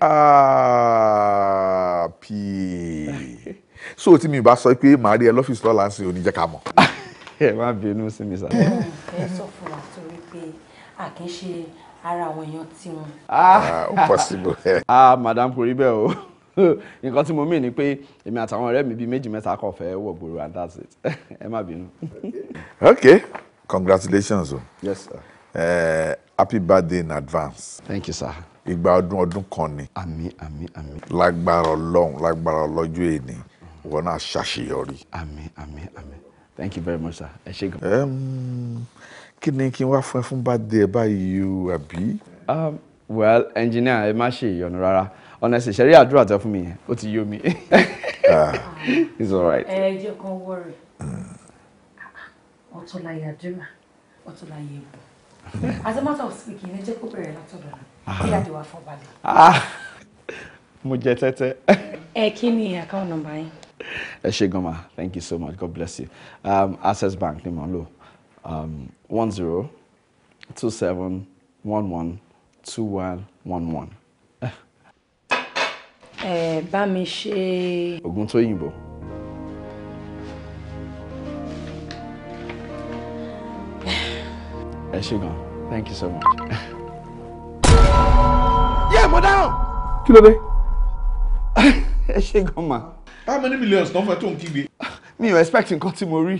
àpì so tí mi bá sọ pé màá rí ẹ lọ́fíìsì lọ́la ń sìn ò ní jẹ́ ká mọ̀. *laughs* ẹ má bínú sí mi sir. ẹ sọ fún wa torí pé a kì í ṣe ara àwọn èèyàn tí wọn. ah o ah, possible. *laughs* ah madam kò rí bẹ́ẹ̀ o *laughs* nǹkan tí mo mì ni pé èmi àtàwọn ọ̀rẹ́ mi bíi méjì mẹ́ta kọ̀ fẹ́ wọ̀ gbòòrò and that's it *laughs* ẹ má bínú. okay congratulations o. yes sir. Uh, happy birthday in advance. thank you sir. ìgbà ọdún ọdún kan ni. àmín àmín àmín. lágbára ọlọ́run lágbára ọlọ́jọ́ èní wọn náà ṣàṣeyọrí. àmín àmín àmín thank you very much sir ẹ ṣé gan kí ni kí n wá fún ẹ fún birthday báyìí o àbí. Um, well engineer ẹ má ṣe ìyọnu rárá honestly ṣe rí àdúrà tẹ fún mi yẹn ó ti yó mi *laughs* ah. *laughs* it's alright. ẹ jẹ́ kan wọ́ọ̀rì ọ̀tọ̀láyé àdúrà ọ̀tọ̀láyé ẹ̀bùn *laughs* as a matter of speaking ẹ jẹ́ kó bẹ̀rẹ̀ látọ̀dọ̀ rẹ̀ ah. kí àdéhùn àfọ̀balẹ̀. Ah. mo jẹ tẹ́tẹ́. ẹ kí ni account number yín. ẹ ṣé gan ma thank you so much god bless you um, access bank ni mo ń lò um, 1027112111. Ẹ bá mi ṣe. Ògùn tó yìnbó. Ẹ ṣe gan, thank you so much. Yé mo dáhùn. Kí ló dé? Ẹ ṣe gan ma. How many millions ló fẹ́ tó ń kígbe? Mi ò expect nǹkan tí mo rí.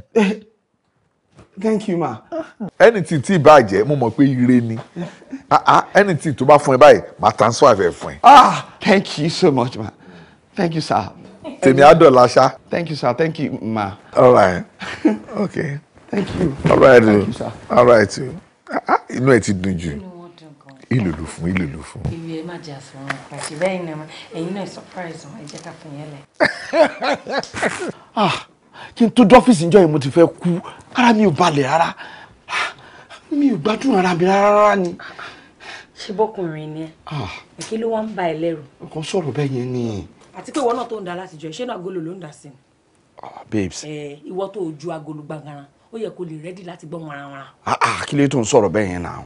*laughs* thank you ma. anything tí ìbá jẹ́ mo mọ̀ pé ire ni ah, ah, anything tó bá fún ẹ báyìí màá transfer ẹ fún ẹ. ah thank you so much ma thank you sir. tèmi àdọ̀là ṣá. thank you sir thank you ma. all right okay. thank you. all right thank you, sir. all right ah, inú ẹ ti dùn jù ìlòlù fún ìlòlù fún. ìwé ẹ má jẹ àsọ̀rọ̀ kan ṣe bẹ́ẹ̀ ni ẹ̀yin náà surprise ẹ jẹ́ ká fún yẹn *laughs* Ah kí n tó dọ́fíìsì níjọ́ yìí mo ti fẹ́ kú ara mi ò balẹ̀ rárá mi ò gbádùn ara mi rárá ni. ṣé bọ́kùnrin ni ẹ ah. kí ló wá ń ba ẹ lẹ́rù. nǹkan sọ̀rọ̀ bẹ́ẹ̀ yẹn ni. àti pé ìwọ náà tó ń da láti jọ ìṣẹ́nu àgolo ló ń dà sí mi. Ah, babes. ìwọ tó ju agolo gbàngàrà ó yẹ kó lè rẹ́dí láti gbọ́ wọn ara. Ah, kí ló tó ń sọ̀rọ̀ bẹ́ẹ̀ yẹn náà.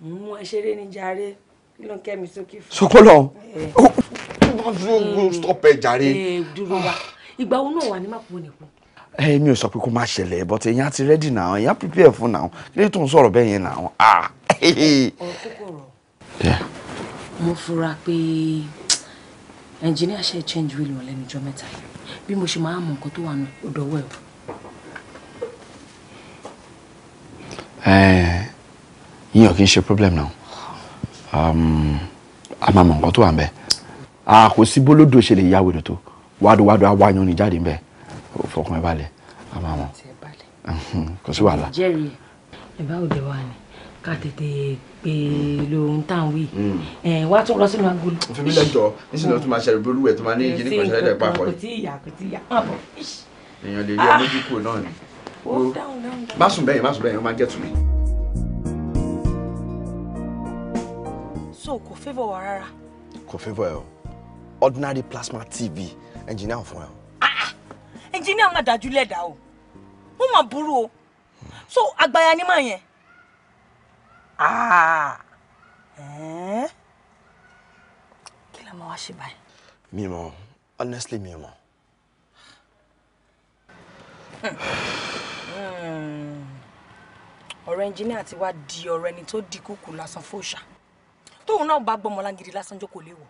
mú ẹ ṣeré ní jàre kí ló ń kẹ́ sókè fún. sọkọlọ ó máa ń dúró stop ẹ jàre. dúró wa ìgbà wo náà wà ní màpò nìkú. ẹ eh, mi ò sọ pé kó má ṣẹlẹ̀ but èèyàn ti rẹ́dì náà èèyàn prepare fún náà kí ló tó ń sọ̀rọ̀ bẹ́ẹ̀ yẹn náà. ọ̀rọ̀ kókòrò mo fura pé ẹnjìníà ṣe change wheel wọn lẹ́nu ọjọ́ mẹ́ta bí mo ṣe máa mọ nǹkan tó wà ní ọ̀dọ̀ wẹ̀ o. Eh, yíyan kì í ṣe problem náà um, a máa mọ nǹkan tó wà ń bẹ a ah, kò sí bólódò ṣe lè yá wèrè tó wádùwádù á wá yanni jáde ńbẹ ó fọkàn ẹ balẹ̀ á máa wọn kò sí wàhálà. jẹ́rìí ẹ̀ báwo lè wà ní ká tètè pé lóhun tá à ń wí hmm. ẹ wá tún lọ sínú agolo. n fi mi lẹjọ nísìnyí ló tún máa ṣẹlẹ̀ bolúwẹ tó máa ní ìjìnlẹ̀ kan ṣẹlẹ̀ dẹpà pọ. kò tí ì yà kò tí ì yà pọ. èèyàn lè rí ọmọdé kúrò náà ni. má sùn bẹ́yìn má sùn bẹ́yìn ó máa ń jẹ́ tùmí. so kò favour wa rárá. kò favour ẹ o ordinary plasma tv ẹnjìníà fún ẹ. ẹnjìníà ah, ah. má dájú lẹ́dàá o wọ́n mà burú o so àgbáyà ni mà yẹn. Ah. kí la máa wá ṣe báyìí. mi mọ̀ honestly mi mọ̀. Hmm. ọ̀rọ̀ ẹnjìníà ti wá di ọ̀rọ̀ ẹni tó di kúkú lásán fòṣà tóun náà bá gbọ́mọ lágídí lásán jókòó léwọ̀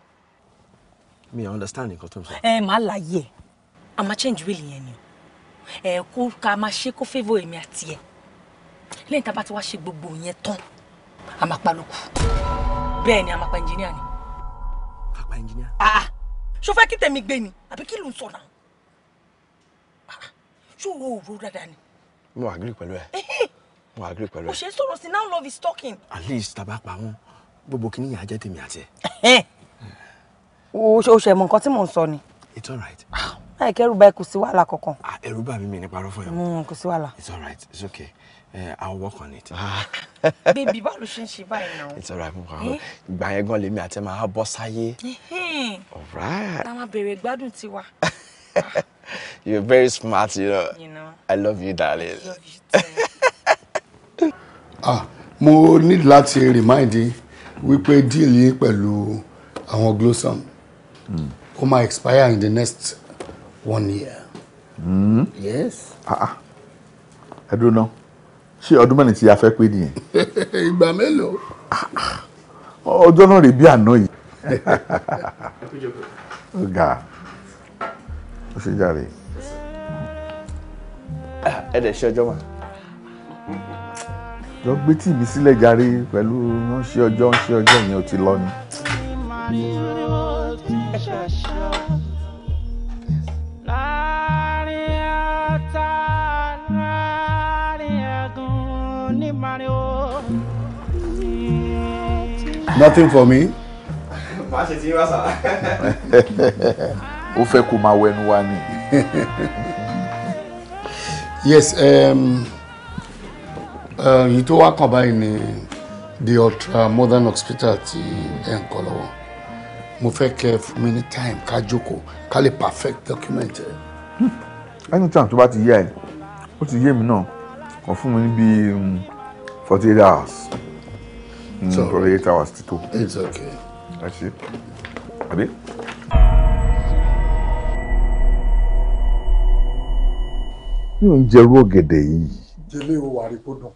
mi ò understand nǹkan tó ń sọ. ẹ máa láyè a change will yẹn ni o ẹ kó ká máa ṣe kó favour èmi àti ẹ lẹ́yìn tá a bá ti wá ṣe gbogbo yẹn tán a máa pa lóko bẹ́ẹ̀ ni a máa pa engineer ni. a pa engineer. ah, ah. ṣó fẹ́ kí tèmi gbé ni àbí kí ló ń sọ náà ah, ah. ṣó òru dáadáa ni. mo agree pẹ̀lú ẹ eh, eh. mo agree pẹ̀lú ẹ. kò ṣe é sọ̀rọ̀ sí now love is talking. at least tá a bá pa wọ́n gbogbo kìnìyàn á jẹ́ tèmi àti ẹ. Eh, o ṣe mọ nǹkan tí mò ń ni. it's alright. Ah, láì kẹ́rù báyìí kò sí wàhálà kankan. Ah, bà mí mi ní parọ́ fún ẹ. Mm, kò sí wàhálà. it's alright it's okay uh, I'll work on it. Ah. *laughs* Baby, báwo ló ṣe ń ṣe báyìí náà. it's alright mo kàn án eh? ìgbà yẹn gan lèmi àti ẹ máa bọ́ sáyé. alright. ta máa bèrè gbádùn tiwa. *laughs* you're very smart you know. you know I love you darling. love *laughs* ah mo need láti remind yín wípé díìlì yín pẹ̀lú àwọn glosam ó máa expire in the next one year. Mm. yes. Ah, ah. ẹ dúró náà ṣé ọdún mẹ́rin tí a fẹ́ pé nìyẹn. *laughs* ìgbà mélòó. Ah, ọjọ́ náà rè bí àná yìí. ọ̀gá *laughs* ó ṣe jàre. ẹ dẹ̀ ṣe ọjọ́ mà. jọ gbé tí mi sílẹ̀ jàre pẹ̀lú ń ṣe ọjọ́ ń ṣe ọjọ́ yẹn ó ti lọ ni nothing for me. má ṣe ti wá sá. ó fẹ́ kó máa wẹnu wa ni. yes um, uh, èyí tó wá kàn báyìí ni the ultra modern hospital ti ẹ̀ ń kọ́ lọ́wọ́ mo fẹ́ kẹ́ fún mi ní time ká jókòó ká lè perfect document ẹ. Hmm. anytime tó bá ti yẹ ẹ ó ti yé mi náà kàn fún mi ní bíi hmm, forty eight hours hmm, forty eight hours ti tó. it's okay. ẹ ṣe àbí. mi ò ń jẹ irú ọ̀gẹ̀dẹ̀ yìí. jẹ́lé o wà rí kó dùn.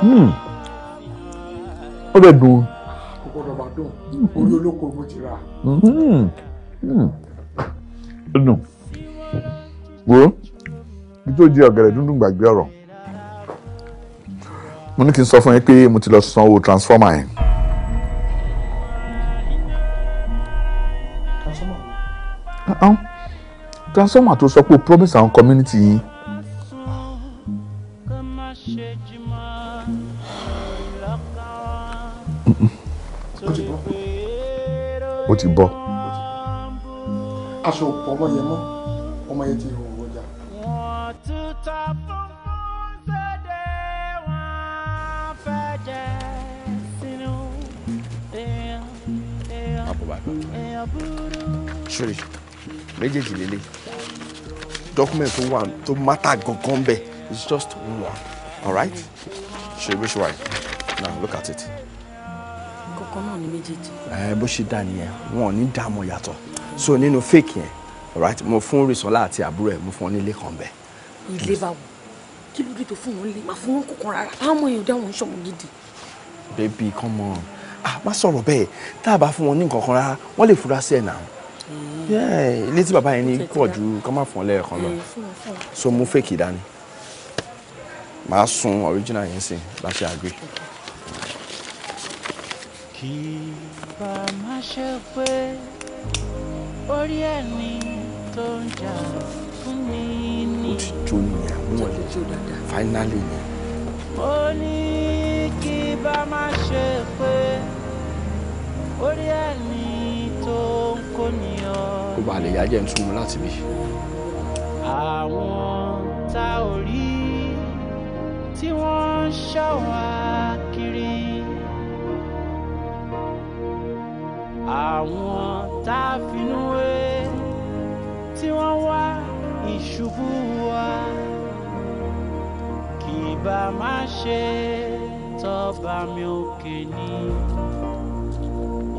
Hmm. ó bẹ̀ dùn. kókó lọ́ba dùn orí olóko mo ti rà. Hmm. Hmm. ó dùn wo kí tó di ọ̀gẹ̀dẹ̀ dúndùn gbàgbé ọ̀rọ̀ mo ní kí n sọ fún yín pé mo ti lọ san owó transformer yẹn. transformer ah, ah. tó sọ pé promise àwọn community yín ó ti bọ́. aṣọ òpó ọmọ yẹn mọ́ ọmọ yẹn ti rò wọ́n jà. sori méjèèjì lélẹ̀ document tó wà tó mátà gangan bẹ́ẹ̀ it's just one alright sori bí ṣe wà yìí now look at it kan náà ní méjèèjì. ẹ bó ṣe dà nìyẹn wọn ò ní dààmú yàtọ̀ so nínú fake yẹn right mo fún Rìsọ́lá àti àbúrò ẹ mo fún ọ nílé kan bẹ́ẹ̀. ilé bá wò kí ló dé tó fún wọn lé má fún wọn kọkàn rárá àwọn ọmọ èèyàn dáwọn sọmọ gidi. baby come on ah má sọ̀rọ̀ bẹ́ẹ̀ tá a bá fún wọn ní nǹkan kan rárá wọ́n lè fura sí ẹ̀ náà eh. ilé tí bàbá yẹn ní pọ̀ ju kọ́ má fún ọ lẹ́ẹ̀kan lọ eh, so mú fake dání màá sun original yẹn sí láti agree kì má ṣe pé orí ẹni tó ń jà fún mi ni. ó ti jó ni àwọn ọ̀lẹ́ finally ni. ó ní kí má ṣe pé orí ẹni tó ń kó ni ọ. kó ba lè yájẹ́ ń túmọ̀ láti bí. àwọn tá ò rí tí wọ́n ń ṣọ́ àwọn tá a finú wé tí wọ́n wá ìṣubú wa kì bá má ṣe tọ́ba mi òkè ní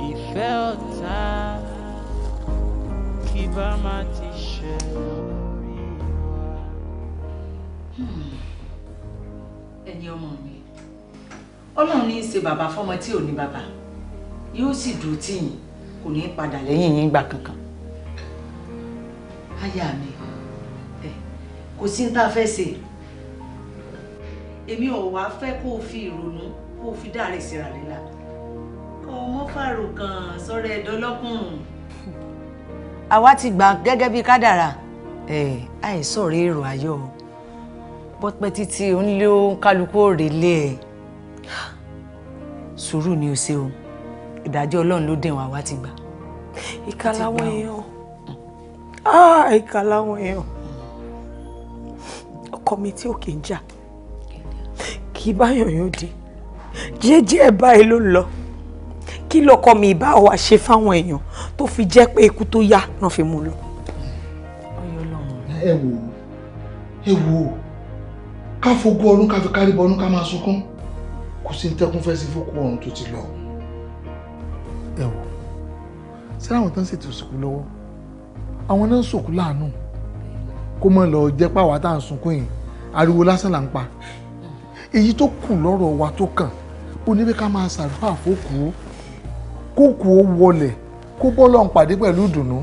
ìfẹ́ ọ̀tá kì bá má ti ṣe orí wa. Hmm. ẹ̀yin ọmọ mi ọlọ́run ní í ṣe bàbá fọmọ tí ò ní bàbá yóò sì dúró tì yín kò ní padà lẹ́yìn yín gbà kankan. aya mi ẹ kò sí ní tá a fẹ́ ṣe èmi ò wá fẹ́ kó o fi ìrònú kó o fi dáre síra líla kó o mọ́ fàrò kan sọ́rọ̀ ẹ̀dọ́ lọ́kùnrin. àwa ti gbà gẹ́gẹ́ bí kádàrà àìsọ̀rọ̀ èrò ayọ̀ pọ́pẹ́ títí ó ń lé kálukú òrèlé ẹ̀ sùúrù ni o ṣe ìdájọ́ ọlọ́run ló dẹ̀ wá wá ti gbà. ìkà làwọn èèyàn mm. ah, ìkà làwọn èèyàn mm. ọkọ mi tí ò kì í jà kì í báyọ̀ yóò dé jẹ́jẹ́ ẹ̀ báyìí ló ń lọ kí lọkọ mi ìbá wa ṣe fáwọn èèyàn tó fi jẹ́ pé ikú tó yá náà fi mú lọ. ẹ wò ẹ wò ká fogún ọdún ká fi kárí bọ ọdún ká máa sunkún kò sí ní tẹkún fẹ́ sí fókú ọ̀run tó ti lọ ẹ wò sẹ́ni àwọn tó ń ṣètò ìsìnkú lọ́wọ́ àwọn náà ń sòkú láàánú kó mọ̀ lọ jẹ́ pàwọ́ tá à ń sunkún yìí ariwo lásán là ń pa èyí tó kù lọ́rọ̀ wa tó kàn ó ní bí ká máa ṣàdúrà fókù kó kù ó wọlé kó bọ́ọ̀lù ọ̀hún pàdé pẹ̀lú ìdùnnú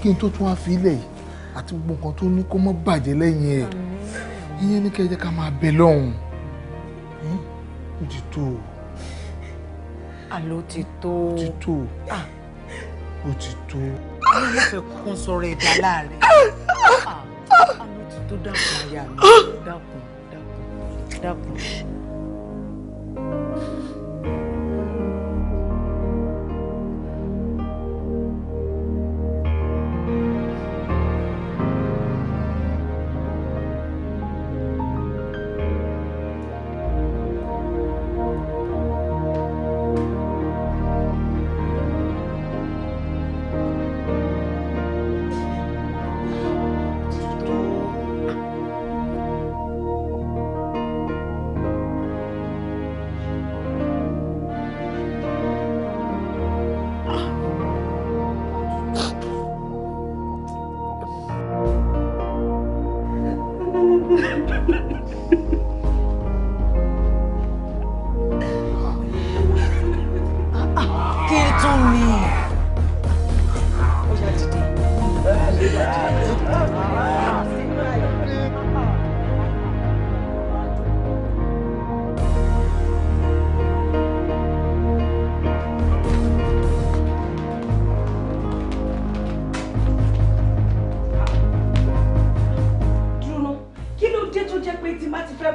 kí n tó tún wá fi ilẹ̀ yìí àti gbogbo nǹkan tó ní kó mọ́ bàjẹ́ lẹ́yìn ẹ̀ ìyẹn ní kẹ́ ẹ jẹ́ ká máa bẹ lọ́hùn-ún hm? ó ti tó o àló ti tó. ó ti tó ó ti tó. ó ló fẹ́ kún sọ̀rọ̀ ẹ̀dá láàrin. Ah. àló ti tó dákun aya mi dákun dákun dákun.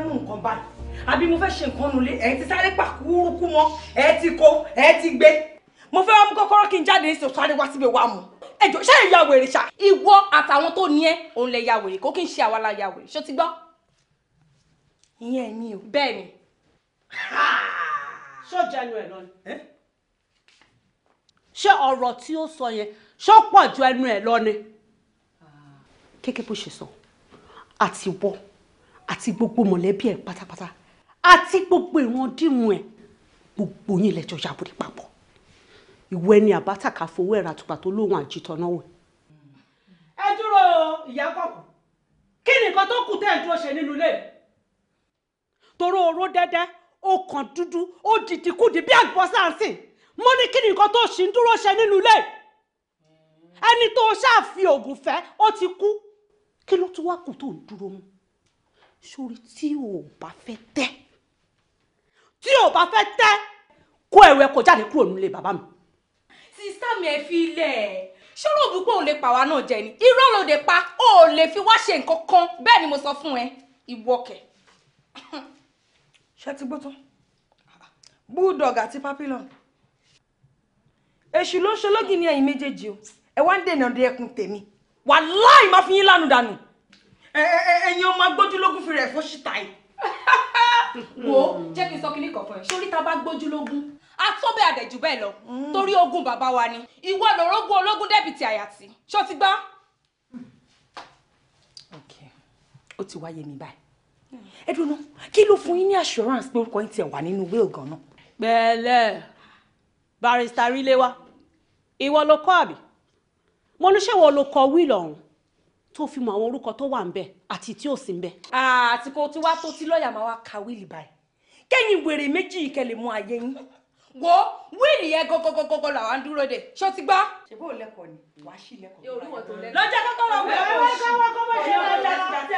mú nǹkan báyìí àbí mo fẹ́ ṣe nǹkan nulẹ̀ ẹ̀ ti sáré pàkúrúkú mọ́ ẹ̀ ti kó ẹ̀ ti gbé mo fẹ́ wá mú kọ́kọ́rọ́ kí n jáde ní sọ̀tún àríwá síbi wá mu ẹjọ ṣe ìyá wèrè ṣá ìwọ àtàwọn tó ní ẹ òun lè ya wèrè kó kí n ṣe àwa la ya wèrè ṣó ti gbọ́ ìyẹn mi o bẹ́ẹ̀ ni. ṣọ́jà ẹnu ẹ̀ lọ ni. ṣé ọ̀rọ̀ tí ó sọ yẹn ṣó pọ̀ ju ẹnu ẹ̀ lọ ni. kékeré bó ṣe sọ àti àti gbogbo mọ̀lẹ́bí ẹ̀ pátápátá àti gbogbo ìran díhun ẹ̀ gbogbo yín lẹ́jọ́ yàbòrí papọ̀ ìwọ ẹni àbátàkà fowó ẹ̀rà àtùpà tó lóun àjìtọ̀ náà wò. ẹ dúró ìyá kọ̀ọ̀kan kí nìkan tó kù tẹ́ ẹ̀ dúró ṣe nínú ilé toró oró dẹ́dẹ́ ó kàn dúdú ó dìdì kùdì bí àgbọ̀sà ń sìn mo ní kí nìkan tó ṣì ń dúró ṣe nínú ilé ẹni tó ṣáà fi oògùn fẹ́ ó ti kú kí ló tún wá kù tó ń dúró mú sórí tí o ò bá fẹ́ tẹ́ tí o ò bá fẹ́ tẹ́ kó ẹ̀rọ ẹ kó jáde kúrò nílé bàbá mi. sísá mi ẹ fi ilẹ̀ ẹ̀ ṣọ́rọ̀ òbúkọ́ ò lè pa wá náà jẹ ni irọ́ ló dé pa ó lè fi wá ṣe nǹkan kan bẹ́ẹ̀ ni mo sọ fún ẹ ìwọkẹ̀. ṣé ti gbọ́ tán bulldog àti papillon èṣù ló ń ṣológì ní ẹ̀yìn méjèèjì o ẹ wá ń dènà de ẹkùn tèmi wàláì má fi yín lánàá dànù ẹ̀yin ọmọ agbójúlógún fi rẹ̀ fún ṣìtá yìí. *laughs* wo jẹ́ kí n sọ kínní kan fún ẹ sórí tá a bá gbójúlógún a tó bẹ́ẹ̀ àdẹ̀jù bẹ́ẹ̀ lọ mm. torí ogún bàbá wa ni ìwọ lòrógún ológun dẹ́bìtì àyàtì ṣó ti gbọ́. ó ti wáyé mi báyìí ẹ dúró kí ló fún yín ní assurance pé orúkọ yín tiẹ̀ wà nínú wíìlì gan-an. pẹ̀lẹ́ barista ríléwá ìwọ ló kọ àbí mo ní ṣé wọ́n ló kọ wíìlì ọ̀hún tó fi mọ àwọn orúkọ tó wà ń bẹ àti tí ò sí ń bẹ. àti kò tí wàá tó tí lọ́ọ̀yà máa wá ka wíìlì báyìí kẹ́yìn wèrè méjì ìkẹlẹ̀ mú ayé yín wo wíìlì yẹn gọgọgọgọgọ làwa ń dúró de ṣó ti gbọ́. ṣe bó lẹkọọ ni wà á ṣì lẹkọọ. yóò rí wọn tó lẹkọọ. lọ́jọ́ kọ́kọ́rọ́ wẹ̀ ẹ́ wọ́n ṣe wọ́n kọ́kọ́ ṣe wọ́n ṣe wọ́n ṣe wọ́n ṣe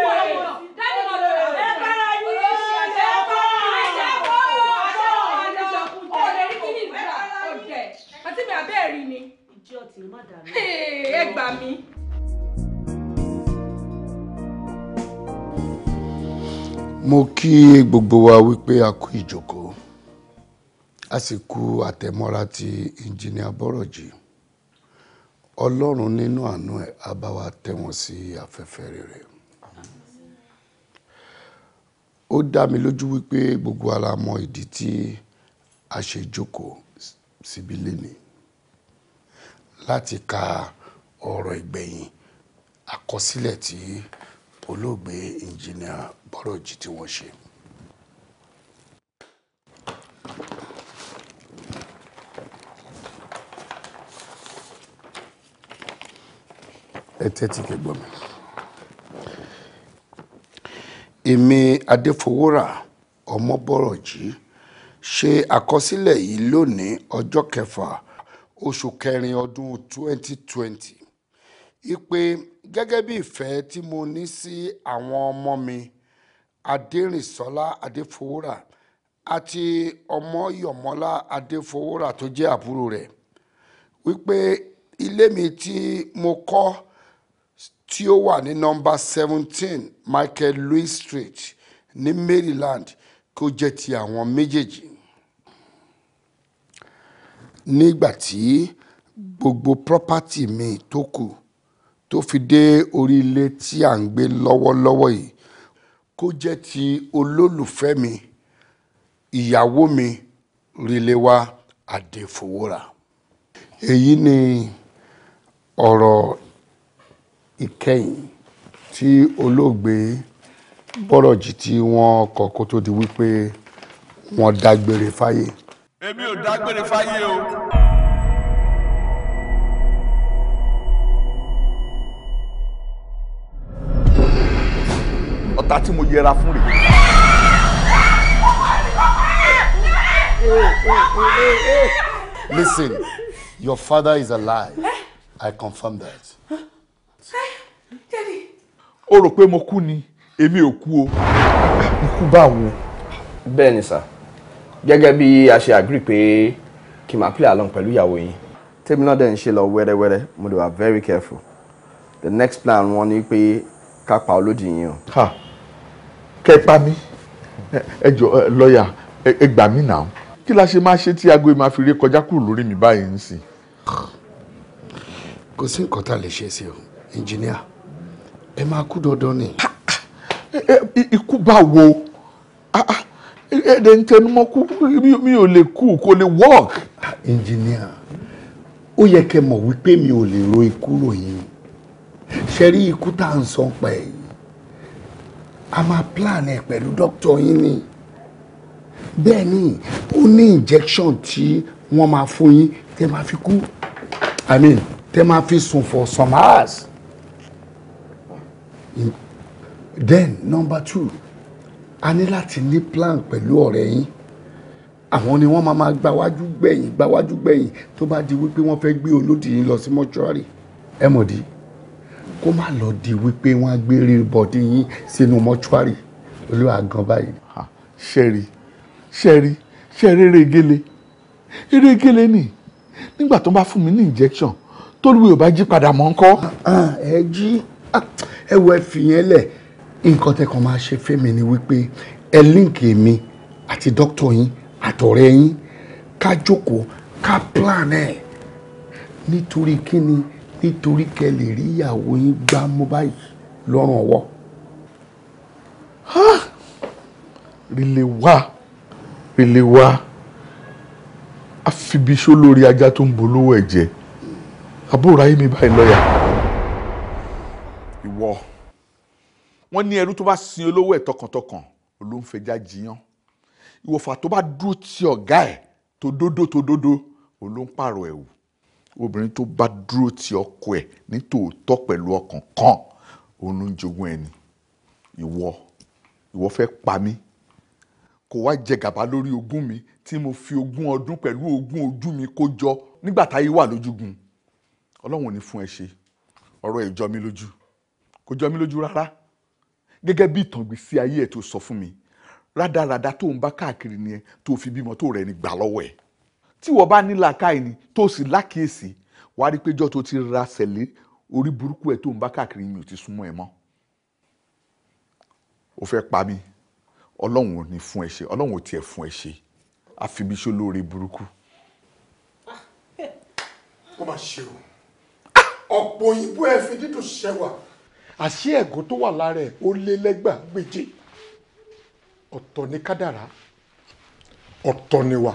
wọ́n ṣe wọ́n àti mi àbẹ́ẹ̀rí ni. ìjọ tì í má dàrú. ẹ gbà mí. mo kí gbogbo wa wípé a kú ìjókòó a sì kú àtẹ̀mọ́ra ti engineer Bọ́rọ̀jì ọlọ́run nínú àánú ẹ̀ á bá wa tẹ́ wọn sí afẹ́fẹ́ rere ó dá mi lójú wípé gbogbo ara mọ ìdí tí a ṣe jókòó síbi lénìí láti ka ọ̀rọ̀ ìgbẹ̀yìn àkọsílẹ̀ tí olóògbé engineer bọ́rọ̀ jì tí wọ́n ṣe. ẹ tẹ́tí kẹgbọ́n mi. èmi adéfowóra ọmọbọ̀rọ̀jì ṣe àkọsílẹ̀ yìí lónìí ọjọ́ kẹfà oṣù kẹrin ọdún 2020 ipe gẹ́gẹ́ bí ìfẹ́ tí mo ní sí àwọn ọmọ mi. Si adẹ́rìnsọ́lá adéfowórà àti ọmọyọ̀mọ́lá adéfowórà tó jẹ́ àbúrò rẹ̀ wípé ilé mi tí mo kọ́ tí ó wà ní nọ́mbà seventeen michael louis street ní maryland kó jẹ́ ti àwọn méjèèjì nígbà tí gbogbo property mi tó kù tó fi dé orí ilé tí à ń gbé lọ́wọ́lọ́wọ́ yìí kó jẹ́ ti olólùfẹ́ mi ìyàwó mi Rìlẹ́wà Adéfowórà èyí ni ọ̀rọ̀ ìkẹyìn tí olóògbé Bọ́rọ̀jì tí wọ́n kọ kó tó di wípé wọ́n dágbére fáyé. èmi ò dágbére fáyé o. ọ̀tá tí mo yẹra fún rèé. Listen, your father is alive. I confirm that. Ó rò pé mo kú ni, èmi ò kú o. Ikú báwo? Bẹ́ẹ̀ ni sà, gẹ́gẹ́ bí a ṣe agree pé kí n máa play along pẹ̀lú ìyàwó yín. Tèmi náà dẹ̀ ń ṣe lọ wẹ́rẹ́wẹ́rẹ́, mo dey wa very careful. The next plan wọn ni pé ká pa olódì yín o kẹ́ ẹ pa mí ẹ jọ lọ́ọ̀yà ẹ gbà mí nà ó kí la ṣe máa ṣe tí aago yìí máa fi ré kọjá kúrò lórí mi báyìí ń sìn. kò sí nǹkan tá a lè ṣe sí o ẹnjìníà ẹ máa kú dandan ni. ikú bá wo ẹ̀ẹ́dẹ̀ ń tẹnumọ́ kú mi ò lè kú kò lè work. ẹnjìníà ó yẹ kẹ́ mọ̀ wípé mi ò lè ro ikú ròyìn ṣe rí ikú tá à ń sọ pa ẹ̀yìn a máa plan ẹ̀ pẹ̀lú dókítọ̀ yín ni bẹ́ẹ̀ ni ó ní injection tí wọ́n máa fún yín tẹ́ máa fi kú i mean tẹ́ máa fi sùn for some hours then number two a ní láti ní plan pẹ̀lú ọ̀rẹ́ yín àwọn ni wọ́n máa máa gbawájú gbẹ̀yìn gbawájú gbẹ̀yìn tó bá di wípé wọ́n fẹ́ gbé olódì yín lọ sí mọ́ṣúárì ẹ mọ̀ dí kó má lọ di wípé wọ́n á gbé rí bọ̀dí yín sínú mọ́ṣúárì olúwa gan báyìí. ṣẹ́ẹ̀rì ṣẹ́ẹ̀rì ṣẹ́ẹ̀rì erégele erégele ni nígbà tó bá fún mi ní injection tó lùwẹ̀ ò bá jí padà mọ́ ń kọ́. Ah, ah, ẹ jí ah, ẹ wọ ẹ fìyẹn lẹ̀ nǹkan tẹ́ kàn máa ṣe fẹ́mi ni wípé ẹ líǹkì mi àti dókítà yín àtọ̀rẹ́ yín ká jókòó ká plan ẹ̀ nítorí kí ni nítorí kẹ lè rí ìyàwó yín gbá mú báyìí lọ́rùn ọwọ́ rìlè wá rìlè wá àfibiṣó lórí ajá tó ń bolówó ẹ̀jẹ̀ àbúrò ayé mi báyìí lọ́yà. ìwọ wọn ní ẹrú tó bá sin olówó ẹ̀ tọkàntọkàn ló ń fẹjá tó bá dúró ti ọ̀gá ẹ̀ tó dódó tó dódó òun ló obìnrin tó bá dúró ti ọkọ ẹ̀ ní tòótọ́ pẹ̀lú ọkàn kan òun ló ń jogún ẹni ìwọ ìwọ fẹ́ pa mí kò wá jẹ gàba lórí ogún mi tí mo fi ogún ọdún pẹ̀lú ogún ojú mi kó jọ nígbà táyé wà lójúgun ọlọ́run ò ní fún ẹ ṣe ọ̀rọ̀ ẹ̀ jọ mí lójú kò jọ mí lójú rárá gẹ́gẹ́ bí ìtàngbésí ayé ẹ̀ tó sọ fún mi rádaràda tó ń bá káàkiri nìyẹn tó fi bímọ tó rẹ̀ ní gbà lọ́wọ́ ẹ̀ tí wọ́n bá ní làákàyè ni tó sì lákìyèsí wàá rí péjọ tó ti ra sẹ̀lé orí burúkú ẹ̀ tó ń bá káàkiri mi ò ti súnmọ́ ẹ mọ́ o fẹ́ pa mí ọlọ́run ò ní fún ẹ ṣe ọlọ́run ò tiẹ̀ fún ẹ ṣe àfibíṣó lóore burúkú. ó mà ṣe o ọ̀pọ̀ òyìnbó ẹ fi dídùn ṣẹwà àṣé ẹ̀gọ́ tó wà lára ẹ̀ ó lé lẹ́gbàá méje ọ̀tọ̀ ni kádàrá ọ̀tọ̀ ni wà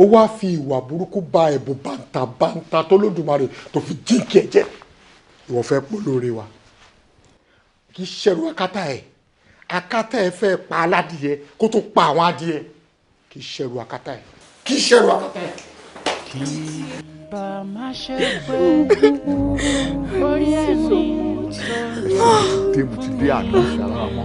ó wá fi ìwà burúkú ba ẹ̀bùn bàǹtàbàǹtà tó lódùmarè tó fi dínkì ẹ̀ jẹ́ ìwọ fẹ́ polóore wa kì í ṣẹ̀rù akátá ẹ̀ akátá ẹ̀ fẹ́ pa aládìyẹ kó tó pa àwọn adìyẹ kì í ṣẹ̀rù akátá ẹ̀ kì í ṣẹ̀rù akátá ẹ̀. kì í bá a má ṣe pé orí ẹni tó. téèmù ti dé àná ìyàrá àmọ́.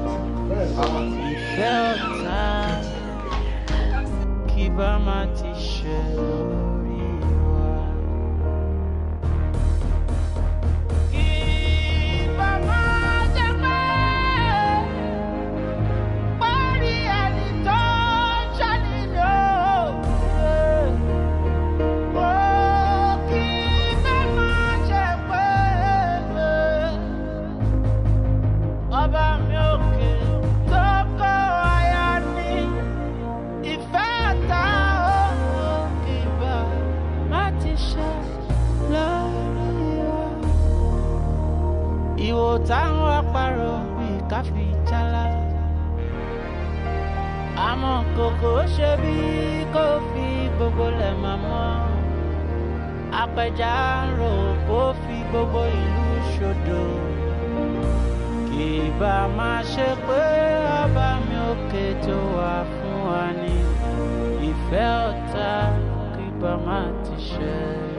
ìfẹ́ ọ̀tá kí bá má ti ṣẹlẹ̀. táwọn àparò mi ká fi jálá àmọ́ kòkó ṣe bí kò fi gbogbo lẹ̀ mà mọ́ apẹja ń rò kó fi gbogbo ìlú ṣòdo kì bá má ṣe pé ọba mi òkè tó wà fún wa ní ìfẹ́ ọ̀tá kì bá má ti ṣe.